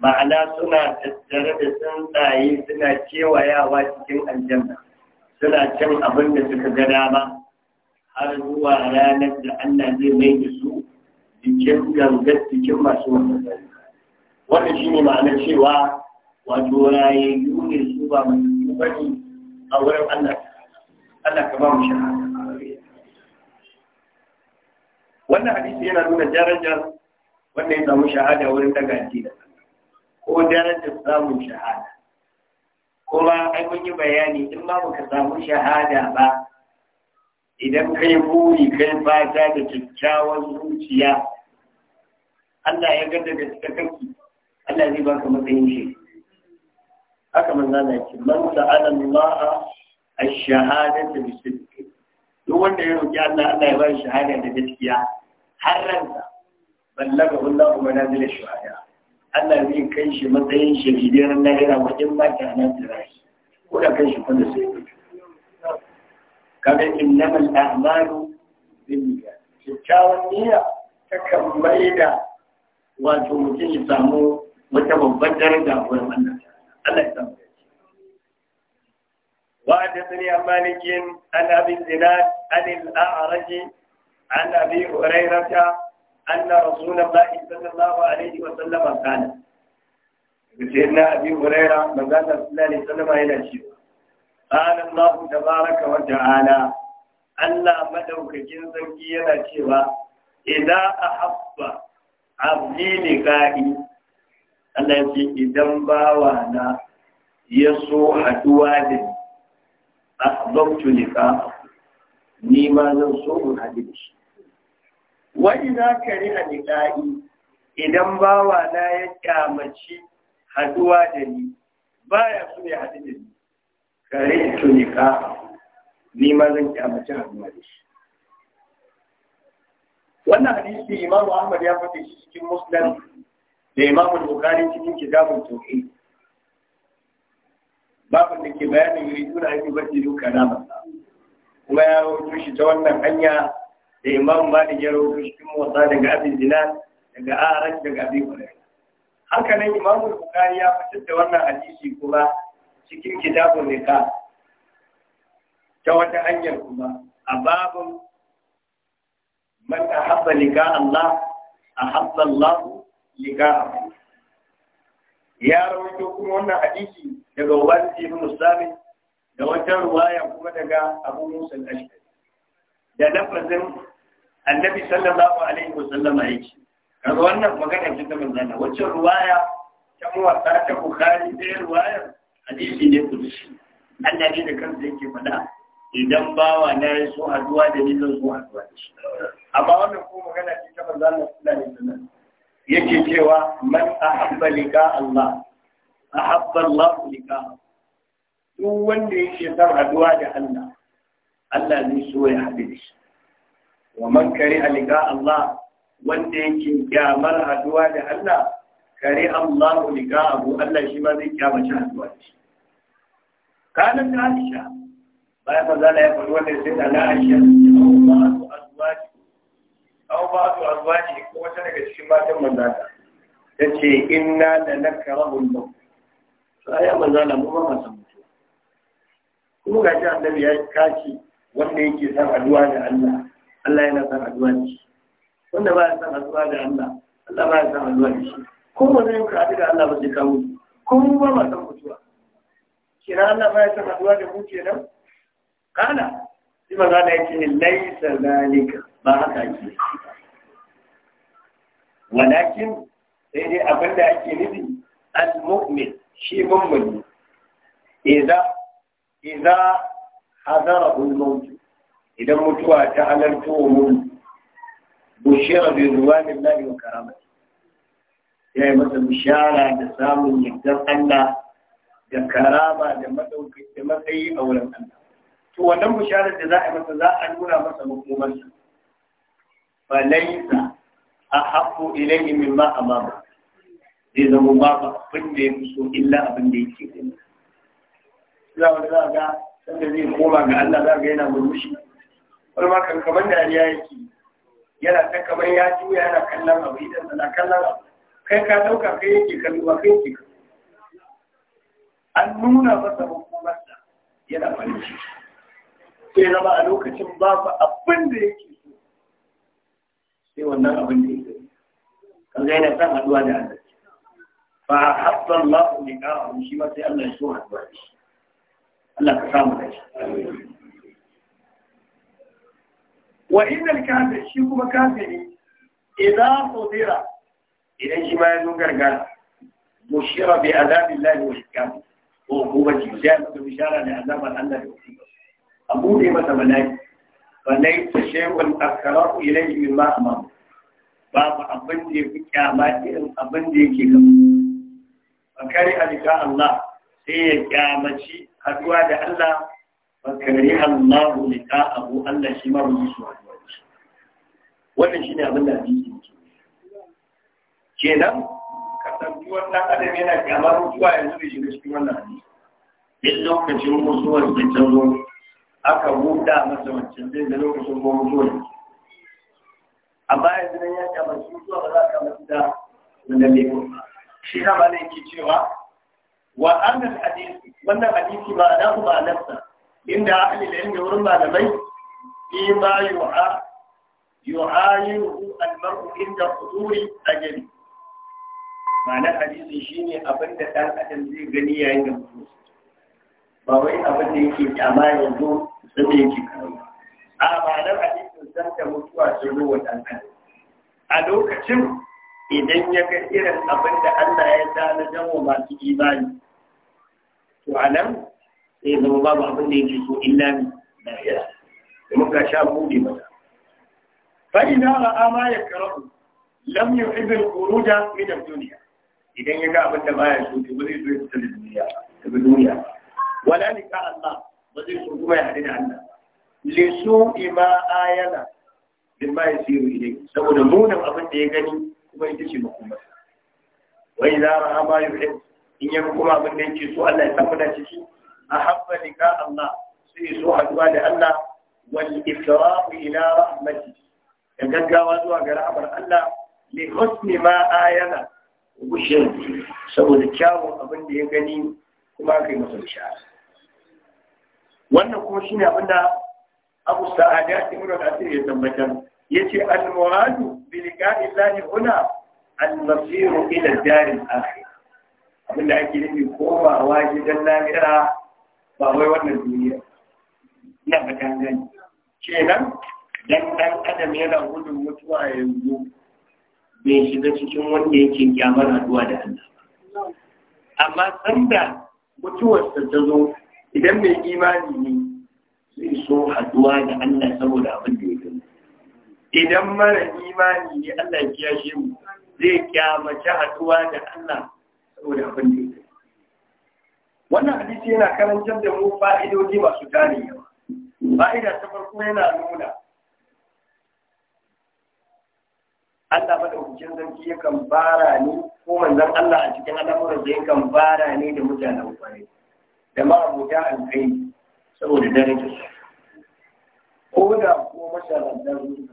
ma'ana suna tattare da tsuntsaye suna kewayawa cikin aljanna suna cin abin da suka ga dama har zuwa ranar da Allah zai mai da su jikin gangar cikin masu wannan wannan shi ne ma'anar cewa wato rayayyu ne su ba masu ba ne a wurin Allah Allah ka ba mu shahada wannan hadisi yana nuna darajar wanda ya samu shahada wurin daga da. ko darajar samun shahada kuma ai mun yi bayani in ma baka samu shahada ba idan kai buri kai fata da kyakkyawan zuciya Allah ya ga daga cikakki Allah zai baka matsayin shi haka manzo ya ce man sa'ala Allah ash-shahadata bi sidqi duk wanda ya roki Allah Allah ya ba shahada da gaskiya har ranta ballaga Allah manazil ash-shahada Allah zai kai shi matsayin shahidiyar nagara wajen ba ta nan da rashi ko da kai shi kwanda sai ya fito kaga innamal a'malu binniya kyakkyawan niyya ta kan da wato mutum ya samu wata babbar daraja a wurin Allah Allah ya samu وحدثني عن amalikin عن ابي الزناد عن الاعرج عن ابي hurairata أن رسول الله صلى الله عليه وسلم قال سيدنا أبي هريرة من قال صلى الله عليه وسلم إلى شيء قال الله تبارك وتعالى ألا مدوك جنسك يلا شيء إذا أحب عبدي لقائي الذي إذن باوانا يسوع دواد أحببت لقاءه ni ma zan so in haɗe da shi Wani za wa idza kariha liqa'i idan bawa na ya kyamaci haduwa da ni baya so ya hadu da ni kare to liqa ni ma zan kyamaci haduwa da shi wannan hadisi imamu ahmad ya fata shi cikin muslim da imamu bukhari cikin kitabun tauhid babin da ke bayanin yuri tura yi bacci duka nama kuma ya rawaito shi ta wannan hanya da imam malik ya rawaito cikin wasa daga abin dinan daga aran daga abin hurairah haka nan imam bukhari ya fitar da wannan hadisi kuma cikin kitabun nika ta wata hanyar kuma a babun man ahabba lika Allah ahabba Allah lika ya rawaito kuma wannan hadisi daga Ubangiji ibn Sami da wata ruwaya kuma daga Abu Musa al-Ashari da lafazin annabi sallallahu alaihi wasallama yake kaga wannan magana ce ta manzana wacce ruwaya ta muwatta ta bukhari da ruwaya. hadisi ne kudusi Allah ne da kansa yake faɗa idan bawa na ya so haduwa da ni zan so haduwa da shi amma wannan ko magana ce ta manzana sallallahu alaihi wasallam yake cewa man ahabba liqa Allah ahabba Allah liqa duk wanda yake son haduwa da Allah Allah ne so ya haɗu da shi wa man kari alika Allah wanda yake kyamar haduwa da Allah kare Allah liga abu Allah shi ma zai kyamaci haduwa ce kanan da Aisha bayan mazala ya faɗi wanda sai da na Aisha au ba su azwaji ko wata daga cikin matan manzala tace inna la nakrahu al-maut to ai manzala mu ba mu ya wanda da Allah Allah yana son addu'a da shi wanda ba ya san addu'a da Allah Allah ba ya san addu'a da shi ko ba zai ka da Allah ba zai kawo ko mu ba ma san mutuwa kira Allah ba ya san addu'a da mu kenan kana shi magana yake laisa zalika ba haka ake walakin sai dai abin da ake nufi al-mu'min shi mummuni idza idza hadara ul maut idan mutuwa ta halarta wa mun bushira bi ruwanin lahi wa karama. ya yi masa bishara da samun yardar Allah da karama da matsayi a wurin Allah to wannan bisharar da za a yi masa za a nuna masa makomarsa fa laysa ahabbu ilayhi mimma amama zai zama ba abin da ya fi so illa abin da yake kuma za a ga sanda zai koma ga Allah za ga yana murmushi wani ma kan kamar ya yake yana ta kamar ya juya yana kallon abu idan sana kallon abu kai ka ɗauka kai yake kallo ba kai yake kallo an nuna masa hukumarsa yana farin ciki sai zama a lokacin babu abin da yake so sai wannan abin da yake kan ga yana san haɗuwa da Allah a habba Allah ne ka shi ma sai Allah ya so haɗuwa da shi Allah ka samu da shi wa innal kafir shi kuma kafiri idan hudira idan shi ma ya zo gargara da azabar Allah da buɗe masa bala'i balai ta shekul akaraku ilai min ma amamu sai ya da Allah fakari Allahu abu Allah shi ma bai shi wannan shine abin da hadisi yake kenan kasantuwar dan adam yana kyamar mutuwa yanzu da shi cikin wannan hadisi Bin lokacin mutuwar da ta zo aka buɗa masa wancan zai da lokacin ko mutuwar amma yanzu nan ya kyamar mutuwa ba za ka mutu da wanda bai kuma shi kama ne ke cewa wa annal hadisi wannan hadisi ba ba a annabta inda ahli ilmi wurin malamai fi ma yu'a yu'ayiru al-mar'u inda huduri ajali ma'anar hadisi shine abin da ɗan adam zai gani yayin da mutum ba wai abin da yake kyama yanzu sun da yake karu a ma'anar hadisin san da mutuwa sun ruwa ɗan adam a lokacin idan ya ga irin abin da Allah ya na wa masu imani to a sai zama babu abin da yake so illa na yara domin ga sha buɗe mata fa'ida ra'a ama ya karau lam yuhibbu al-khuruja min da duniya? idan ya ga abin da baya so to zai zuwa ya fita da duniya bi duniya wala ka Allah ba zai so kuma ya haɗu da Allah so ima ayana bin ma yasiru idan saboda munin abin da ya gani kuma ita ce kuma. wai za ra'a ma yi in yi kuma abin da yake so Allah ya samu da ciki ahabba liqa Allah sai so haduwa da Allah wal ikramu ila rahmati da gaggawa zuwa ga rahmar Allah li husni ma ayana gushin saboda kyawun abin da ya gani kuma kai masa bishara wannan kuma shine abin da Abu Sa'adat Ibn al ya tabbatar yace al-muradu bi liqa'i Allah huna al gidan lahira ba wai wannan duniya Ina ba ta gani kenan dan dan adam yana gudun mutuwa yanzu bai shiga cikin wanda yake kyamar haduwa da Allah amma sanda mutuwarsa ta zo idan mai imani ne zai so haduwa da Allah saboda abin da ya idan mara imani ne Allah ya kiyashe mu zai kyamace haduwa da Allah saboda abin da ya wannan hadisi yana karantar da mu fa'idoji masu yawa fa'ida ta farko yana nuna Allah madaukakin sarki yakan fara ne ko wanzan Allah a cikin al'amuran da yakan fara ne da mutanen kwarai da ma'abuta kai saboda dare darajar su ko da ko masharantar su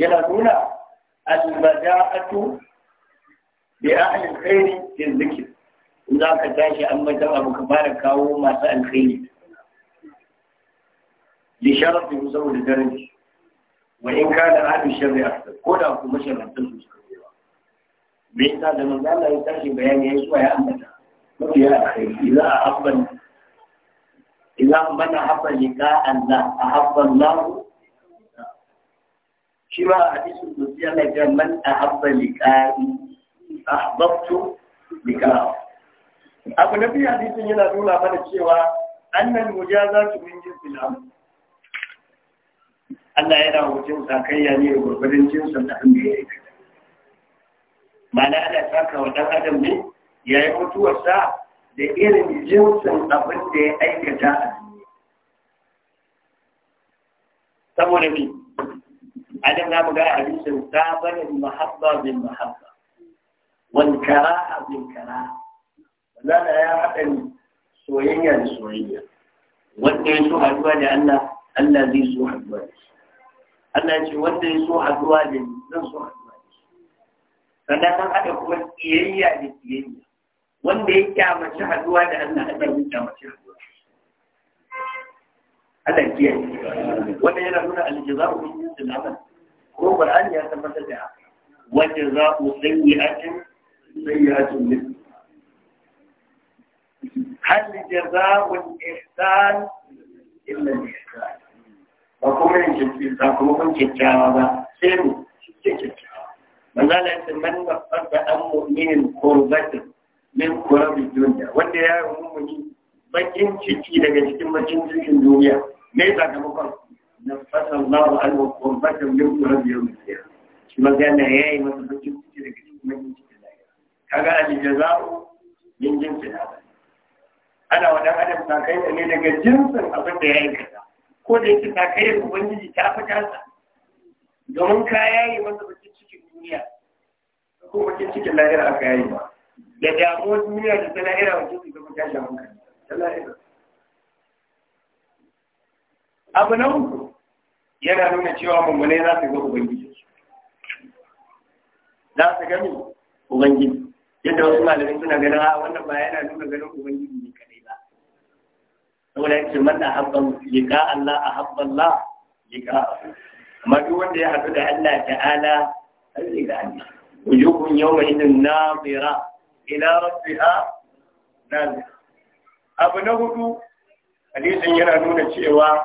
yana nuna al-bada'atu bi ahli al-khairi fi dhikr in za ka tashi an mata abu ka fara kawo masu alkhairi li sharafi saboda daraji wa in ka da hadu sharri afdal ko da kuma sharrantar su suka yi me yasa da manzo Allah ya tashi bayani ya zuwa ya ambata mafi ya alkhairi idan abban idan mana habba liqa Allah ahabba Allah shi ma a hadisin da Allah ya man ahabba liqa'i ahbabtu liqa'a abu na biyu hadisin yana nuna mana cewa annan za su min jinsil am Allah yana hutun sakayya ne da gurgurin jinsin da an ya aikata Mana ana saka wa dan adam ne ya yi mutuwarsa da irin jinsin abin da ya aikata a duniya saboda ne, adam na buga hadisin sabanin mahabba bin mahabba wal karaha bin karaha zana ya haɗa soyayya da soyayya wanda ya so haɗuwa da Allah Allah zai so haɗuwa da shi Allah ya ce wanda ya so haɗuwa da ni zan so haɗuwa da shi sannan an haɗa kuma kiyayya da kiyayya wanda ya kyamaci haɗuwa da Allah Allah zai kyamaci haɗuwa Allah kiyaye wannan yana nuna aljaza'u min jinsil amal ko Qur'ani ya tabbatar da haka wa jaza'u sayyi'atin sayyi'atun mithluha هل جزاء الإحسان إلا الإحسان وكما يجب كتابة با سيرو كتابة من قال من نفذ عن قربة من قرب الدنيا وده يا مؤمني bakin ciki daga cikin bakin cikin duniya me sakamakon nafasa Allah alwa qurbatan min qurab yawm al-qiyamah shi magana yayi masa bakin ciki daga cikin bakin cikin duniya kaga al jazao min ana wa dan adam kai ne daga jinsin abin da ya aikata ko da yake sakayyar ubangiji ta fi kasa. domin ka yayi masa bakin cikin duniya ko bakin cikin lahira aka yayi ba da damuwar duniya da ta lahira wajen su zama tashin hankali ta lahira abu na uku yana nuna cewa mummune za su ga ubangiji za su gani ubangiji yadda wasu malamin suna ganin a ah, wannan ba yana nuna ganin ubangiji ne kai saboda ce man ahabba liƙa Allah ahabba la liƙa amma duk wanda ya haɗu da Allah ta'ala sai ga yau mai yawma na nadira ila na nadira abu na hudu hadisin yana nuna cewa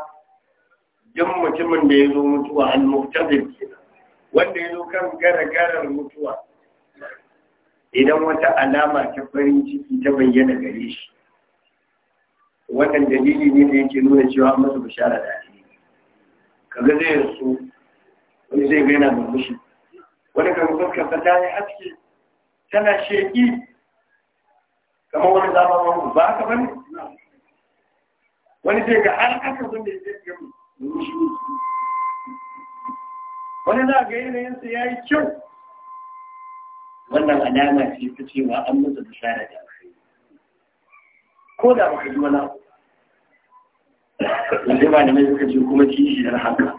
jin mutumin da ya zo mutuwa an muqtadir wanda ya zo kan gara-garar mutuwa idan wata alama ta farin ciki ta bayyana gare shi wannan dalili ne da yake nuna cewa an masa bishara da alheri kaga zai so wani zai gaina da murmushi wani kaga fuskar ta ta yi aski tana sheki kamar wani zamanin ba ka bane wani zai ga an aka wanda ya zai ga mushi wani za ga yanayinsa ya yi kyau wannan alama ce ta cewa an masa bishara da ko da ba ka ji wani abu wanda ba da mai suka ce kuma kishi da haka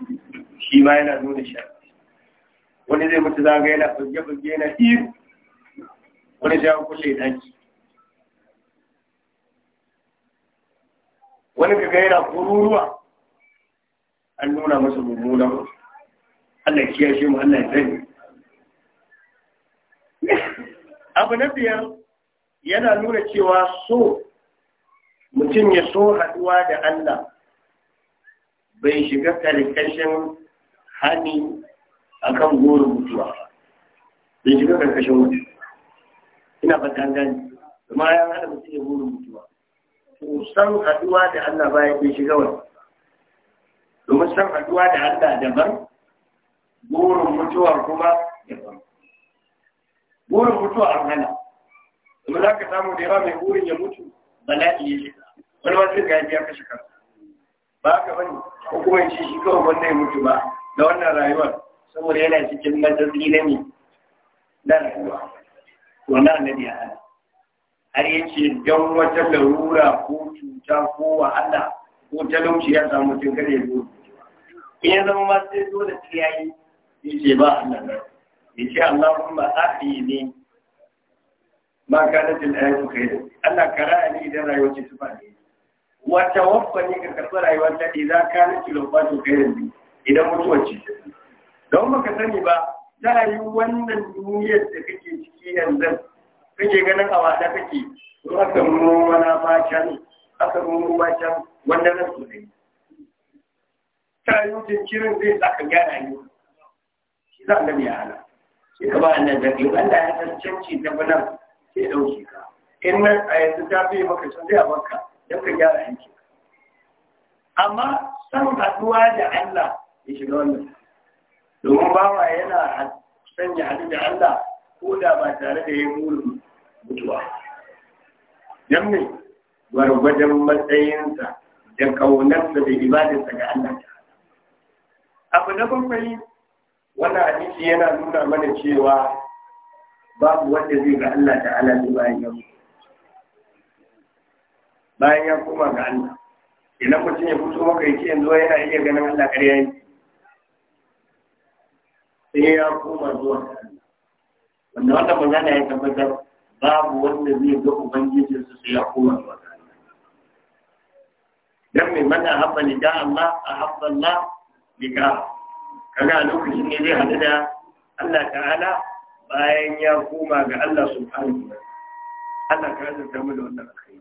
shi ma yana nuna shi wani zai mutu zaga yana fulge-fulge yana iyo wani sai an kulle daki wani kaga yana kururuwa an nuna masa mummunan Allah kiya shi mu Allah ya sani abu na biyar yana nuna cewa so mutum ya so haɗuwa da Allah bai shiga karkashin hani akan goro mutuwa bai shiga karkashin wani ina ba ta gani kuma ya hada mutum ya goro mutuwa to san haɗuwa da Allah baya bai shiga wani domin san haɗuwa da Allah daban goro mutuwa kuma daban goro mutuwa an hana domin za ka samu da yawa mai gorin ya mutu bala'i ya shiga wani ma sai yi ya kashe kansa ba ka bane ko kuma shi shi kawai wanda ya mutu ba da wannan rayuwar saboda yana cikin matsatsi na ne na rayuwa to na annabi ya hana har ce don wata larura ko cuta ko wahala ko talauci ya samu tun kare zo in ya zama ma sai zo da tsiyayi ce ba Allah ya ce Allahumma ahyini ma kanat al-ayatu khayr Allah karani idan rayuwar ce tufa wata waffani ka karɓi rayuwar daɗi za ka na kilo kwato kai idan mutuwar ce don baka sani ba ta yi wannan duniyar da kake ciki yanzu kake ganin a wasa kake to aka nuno wani ma can aka nuno ma can wanda zan so ne ta yi jinkirin zai saka gyara ne shi za ka biya ala shi ka ba nan da biyu Allah ya san canci ta bana sai dauke ka in nan a yanzu ta fi maka can zai a baka Duka ka gyara aiki amma san haduwa da Allah ya shiga wannan domin bawa yana sanya hadu da Allah ko da ba tare da ya burin mutuwa dan ne gwargwadon matsayinsa da ƙaunarsa da ibadinsa ga Allah abu na bakwai wannan hadisi yana nuna mana cewa babu wanda zai ga Allah ta'ala zai bayan yau bayan ya koma ga Allah idan mutum ya fito maka yake yanzu yana iya ganin Allah ƙarya yi sai ya koma zuwa Allah wanda wata ba za ya tabbatar babu wanda zai ga ubangijinsa sai ya koma zuwa Allah dan mai mana ni liga Allah a habba Allah ga kaga lokacin ne zai hadu da Allah ta'ala bayan ya koma ga Allah subhanahu wa ta'ala Allah ka azurta mu da wannan alkhairi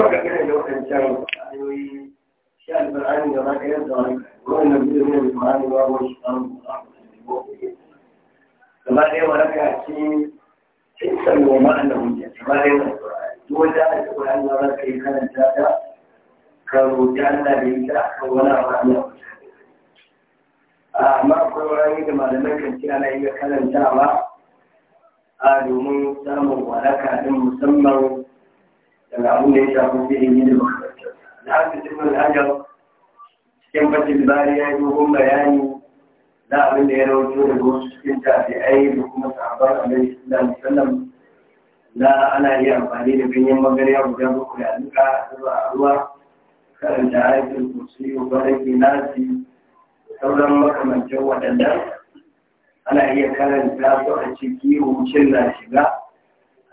kyau ga gane da waɗancan ayoyi shi alfa'ani da ba ka wannan ne da gaba ɗaya gaba ɗaya na wata da karanta ta Allah da ita amma akwai wani da malamai kan ana iya karantawa a domin samun waraka ɗin musamman daga abin ne ya shafi fi'ili da makarantar na asibitin mai hajjar cikin fashin bari ya yi dogon bayani na abin da ya rawato daga wasu cikin tafi'ai da kuma sahabban alaihi sallallahu alaihi wasallam na ana iya amfani da ganyen magarya guda bakwai a duka zuwa a ruwa karanta ayatul kursi wa baraki nasi sauran makamancin waɗanda ana iya karanta su a ciki wucin na shiga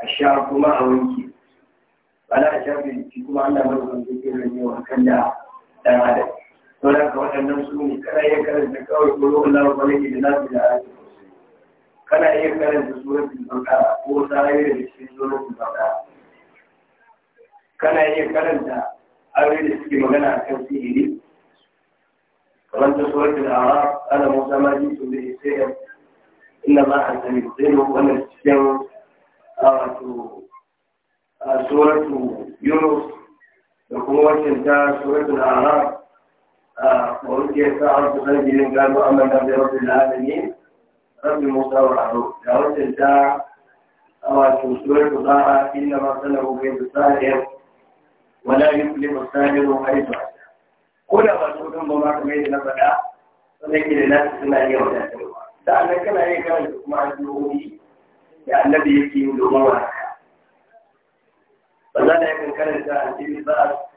a sha kuma a wanki ana a shafi shi kuma Allah mai zuke da ne wa kan da dan adam to da ka waɗannan su ne kana iya karanta kawai ko lokacin da ba yake da nasu da ayatu kana iya karanta suratul baqara ko sai da cikin suratul baqara kana iya karanta ayoyi da suke magana a kan sihiri kamar ta suratul awa? ana musa ma ji su da sai inna ma'a al-sami wannan cikin ah, wato a suratu yunus da kuma wancan ta suratu arab a wani sa an kusan jirin gano amman da bai wasu lalani rabbi musa wa aro da wancan ta a wato suratu za'a inda masana hukai da sahiyar wala yi kulle masahiyar wa haifa ko da ba su kan ba ma kamar yadda na faɗa wanda ke da nasu suna iya wadatarwa da annan kana yin karanta kuma addu'o'i da annabi yake yin domin wasa فزال يمكن كان الدين بقى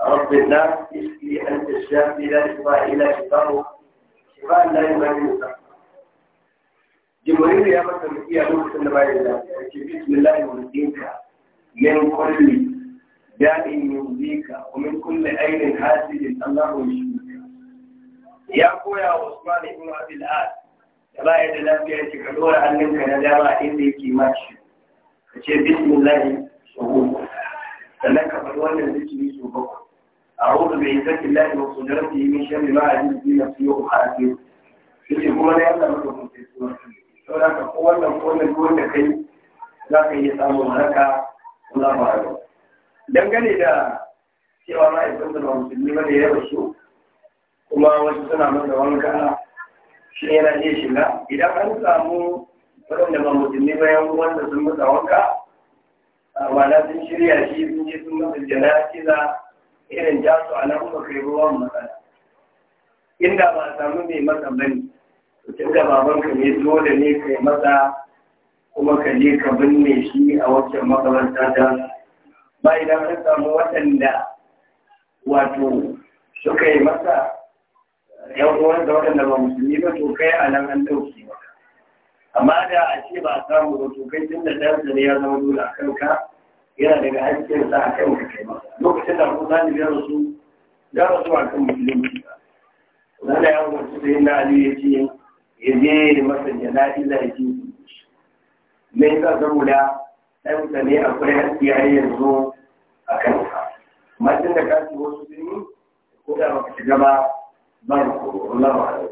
رب الله اشفي انت الشافي لا شفاء الا شفاءه شفاء لا يغادر سقما جمهورية يا مكة مكية نوح صلى الله عليه وسلم بسم الله يهديك من كل داء يؤذيك ومن كل عين حاسد الله يشفيك يا أخويا عثمان بن أبي الآن ba ya da lafiya ce ka dora hannunka na dama inda yake mashi ka ce bismillahi shahu sannan ka faɗi wannan zikiri su bakwai أعوذ بعزة الله وقدرته من شر ما عزيز في a وأحاسيه shi kuma na yasa maka mutuntuwa sau da ka kowannan kowannan ruwan da kai za ka iya samun haka za mu haɗu dangane da cewa ma isan da musulmi ba da ya rasu kuma wasu suna masa wanka shi yana iya shiga idan an samu waɗanda ba musulmi ba yan wanda sun masa wanka ma'ana sun shirya shi sun je sun masa jana'iza irin jasu a nan kuma ruwan matsala inda ba a samu mai masa bane tun da babanka ne dole ne kai masa kuma ka je ka binne shi a wancan makaranta ta ba idan ka samu waɗanda wato suka yi masa yan uwan da waɗanda ba musulmi ba to kai a nan an ɗauki ba amma da a ce ba a samu ba to kai tun da ɗansa ne ya zama dole a kanka yana daga hakkin sa a kan ka kai lokacin da kuma Talib ya rasu ya rasu a kan musulunci ba wanda ya wasu sai na Ali ya ce ya je masa jana'iza ya ce me yasa saboda ɗansa ne akwai hakki yi yanzu a kanka amma tun da ka ci wasu sun ko da ba baka shiga ba ba ku Allah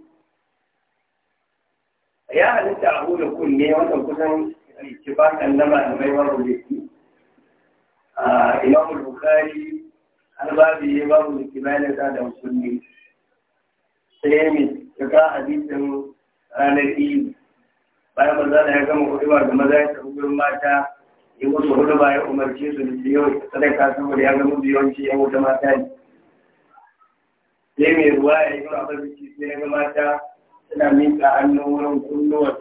ya halitta a kun kunne wanda kusan nama da malamai wa rubuci a Imam Bukhari albabi ya babu likimanin da da kunne sai mi kaga hadisin ranar iyu bayan maza da ya gama kuɗi da maza ya tafi gurin mata ya wasu hudu ba ya umarce su da yau sadaka saboda ya gama biyanci ya wuta mata ne sai mai ruwa ya yi abin sai ya gama mata suna miƙa hannun wurin kunnuwar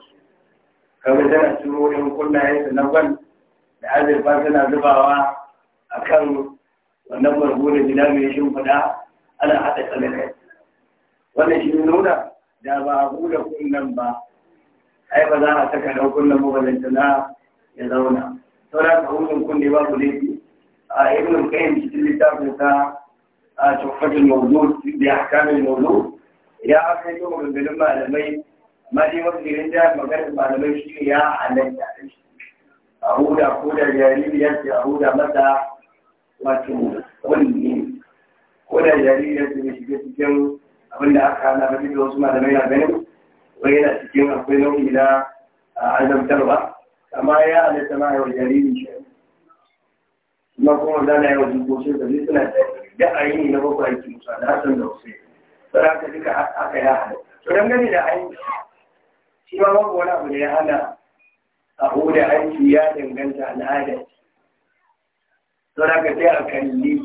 kamar da su wurin kunnayensu na gwal da azurfa suna zubawa a kan wannan bargo da gida mai shimfiɗa ana haɗa tsanakai wannan shi nuna da ba a buɗe kunnan ba ai ba za a saka kunnan mabalanta na ya zauna sauran kahutun kunne ku laifi a irin kayan cikin ta a tufatul da ya ahkamil mawdu idan aka yi yawan rundunar malamai ma dai mafi rinja maganar malamai shi ya halatta da shi a huda ko da jariri ya ce a huda masa wato kunni ko da jariri ya ce shiga cikin abin da aka hana mafi da wasu malamai na ganin wai yana cikin akwai nau'i na azabtarwa amma ya halatta ma yawan jariri shi kuma kuma zana yawan jikokin da zai suna da ra'ayi na bakwai ake musa da hasan da wasu saraka duka aka ya hana to gani da aiki shi ma babu wani abu da ya hana a huda aiki ya danganta al'ada to da ka sai a kalli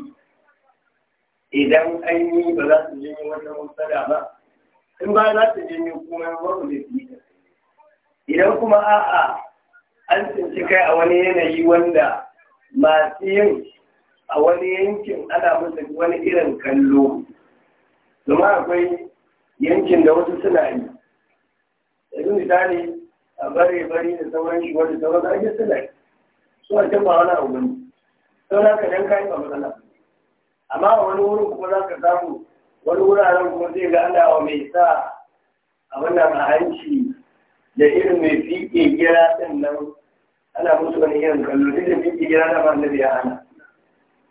idan aini ba za su janyo wata musada ba in ba za su janyo kuma babu da fita idan kuma a'a an tsinci kai a wani yanayi wanda masu yin a wani yankin ana musu wani irin kallo domin akwai yankin da wasu suna yi yanzu misali a bare bari da sauran shi wanda sauran da ake suna yi su a can ba wani abu bane sauran ka dan kayi ba matsala amma a wani wurin kuma za ka samu wani wuraren kuma zai ga ana wa mai sa abin da hanci da irin mai fiƙe gira ɗin nan ana musu wani irin kallo duk da fiƙe gira na ba na biya ana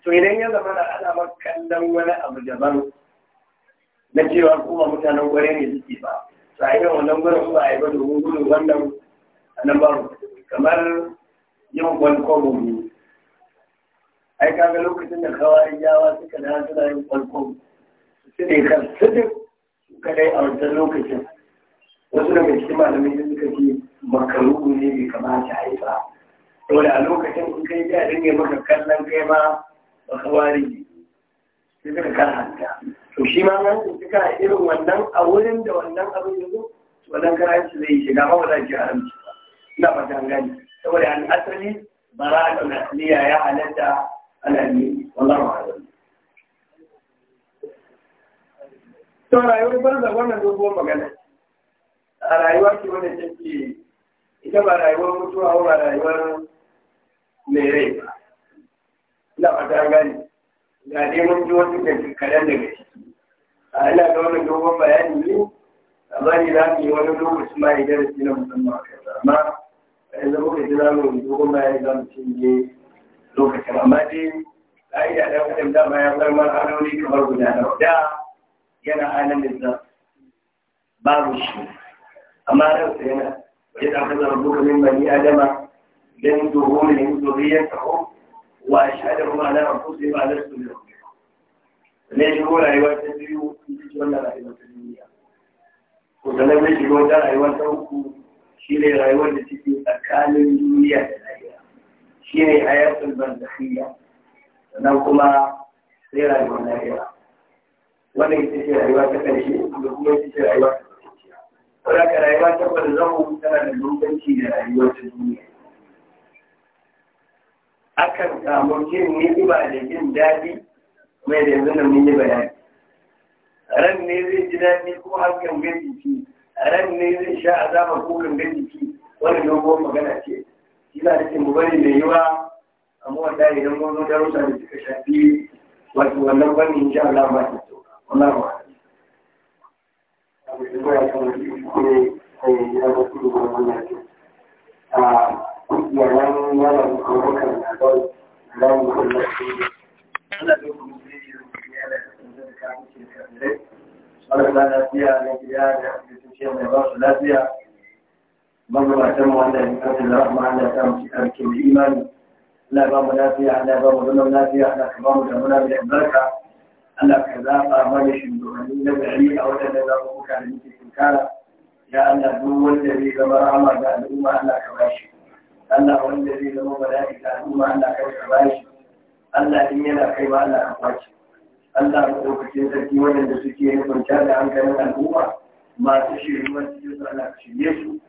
to idan ya zama ana ma kallon wani abu daban na cewa kuma mutanen gwari ne suke ba sa'ayin wannan gwarin ba a yi ba domin gudun wannan a nan ba kamar yin wani kwamon ne ai kaga lokacin da kawai yawa suka da suna yin kwalkwam su ne kan sudin suka dai a wancan lokacin wasu daga cikin malamai da suka ce makaruku ne bai kamata a yi ba dole a lokacin in kai ya dinga maka kallon kai ma ba kawari sai suka hanta. to shi ma na su kana irin wannan a wurin da wannan abin ya zo wannan karanci zai shiga ba wanda ke haramci ba ina ba ta gani saboda an asali bara'atun asliya ya halatta alami wallahu a'lam to rayuwar banza wannan dogon magana a rayuwa ce wanda take ita ba rayuwar mutuwa ba rayuwar mai rai ba ina ba ta gani ga dai mun ji wasu da kadan daga shi a ina ga wani dogon bayani ne amma ni za mu yi wani lokaci ma idan da na musamman a kai amma yanzu muka ji za mu yi dogon bayani za mu cinye lokacin amma dai ƙa'ida da wajen dama ya zama ma'anoni kamar guda nawa da yana anan da babu shi amma ransa yana ya tafi zarbuka min bani adama don zuhurin zuriyar taho wa shi shaɗar ma'ana a sai ba na su shi shigo rayuwa ta biyu ita ce wannan rayuwa ta duniya to ne shi shigo wata rayuwa ta uku shi ne rayuwar da take tsakanin duniya da lahira shi ne hayatul barzakhiyya sannan kuma sai rayuwar lahira wannan ita ce rayuwa ta ƙarshe da kuma ita ce rayuwa ta ƙarshe wadda ka rayuwa ta barzahu tana da lokaci da rayuwar ta duniya akan samu jin ni'ima da jin daɗi kuma da yanzu nan mun yi bayani ran ne zai ji daɗi kuma hankan bai jiki ran ne zai sha azaba ko kan bai jiki wani dogo magana ce shi za ta ce mu bari mai yiwa amma wanda idan mun zo darussa da suka shafi wato wannan bani insha Allah ba ta so wallahi ba yaran yaran abokan na da ran kullum Allah ya kuma marasa lafiya na gida da da rahama Allah ta mutu karke da imani Allah ba lafiya lafiya Allah ka zaɓa shugabanni na gari a waɗanda zaɓuɓɓuka da muke tunkara ya wanda zai zama rahama al'umma Allah ka bashi Allah wanda Allah in yana kai ma Allah ka kwace Allah ya ɗaukace sarki waɗanda suke kwanciya da hankalin al'umma masu shiriwa cikin su Allah ka shirye su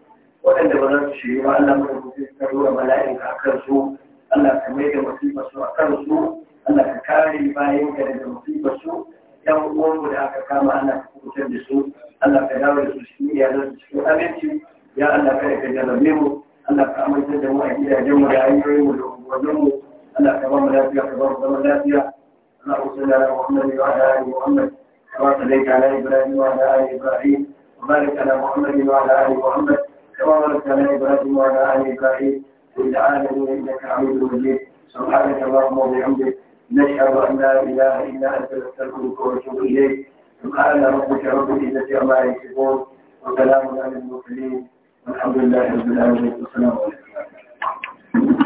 waɗanda ba za su shirye ba Allah ya ɗaukace ka rura mala'ika a kan su Allah ka mai da musibar su a kan su Allah ka kare bayan ka daga musibar su yan uwanmu da aka kama Allah ka kubutar da su Allah ka dawo da su cikin iyalan su cikin aminci ya Allah ka da ka jarrabe mu Allah ka amince da mu a gidajen mu da hanyoyin mu da unguwannin mu Allah ka ba mu lafiya ka ba mu zaman lafiya اللهم صل على محمد وعلى ال محمد كما صليت على ابراهيم وعلى ال ابراهيم وبارك على محمد وعلى ال محمد كما باركت على ابراهيم وعلى ال ابراهيم في العالمين انك حميد مجيد سبحانك اللهم وبحمدك نشهد ان لا اله الا انت نستغفرك ونتوب اليك سبحان ربك رب العزه عما يصفون وسلام على المرسلين والحمد لله رب العالمين والسلام عليكم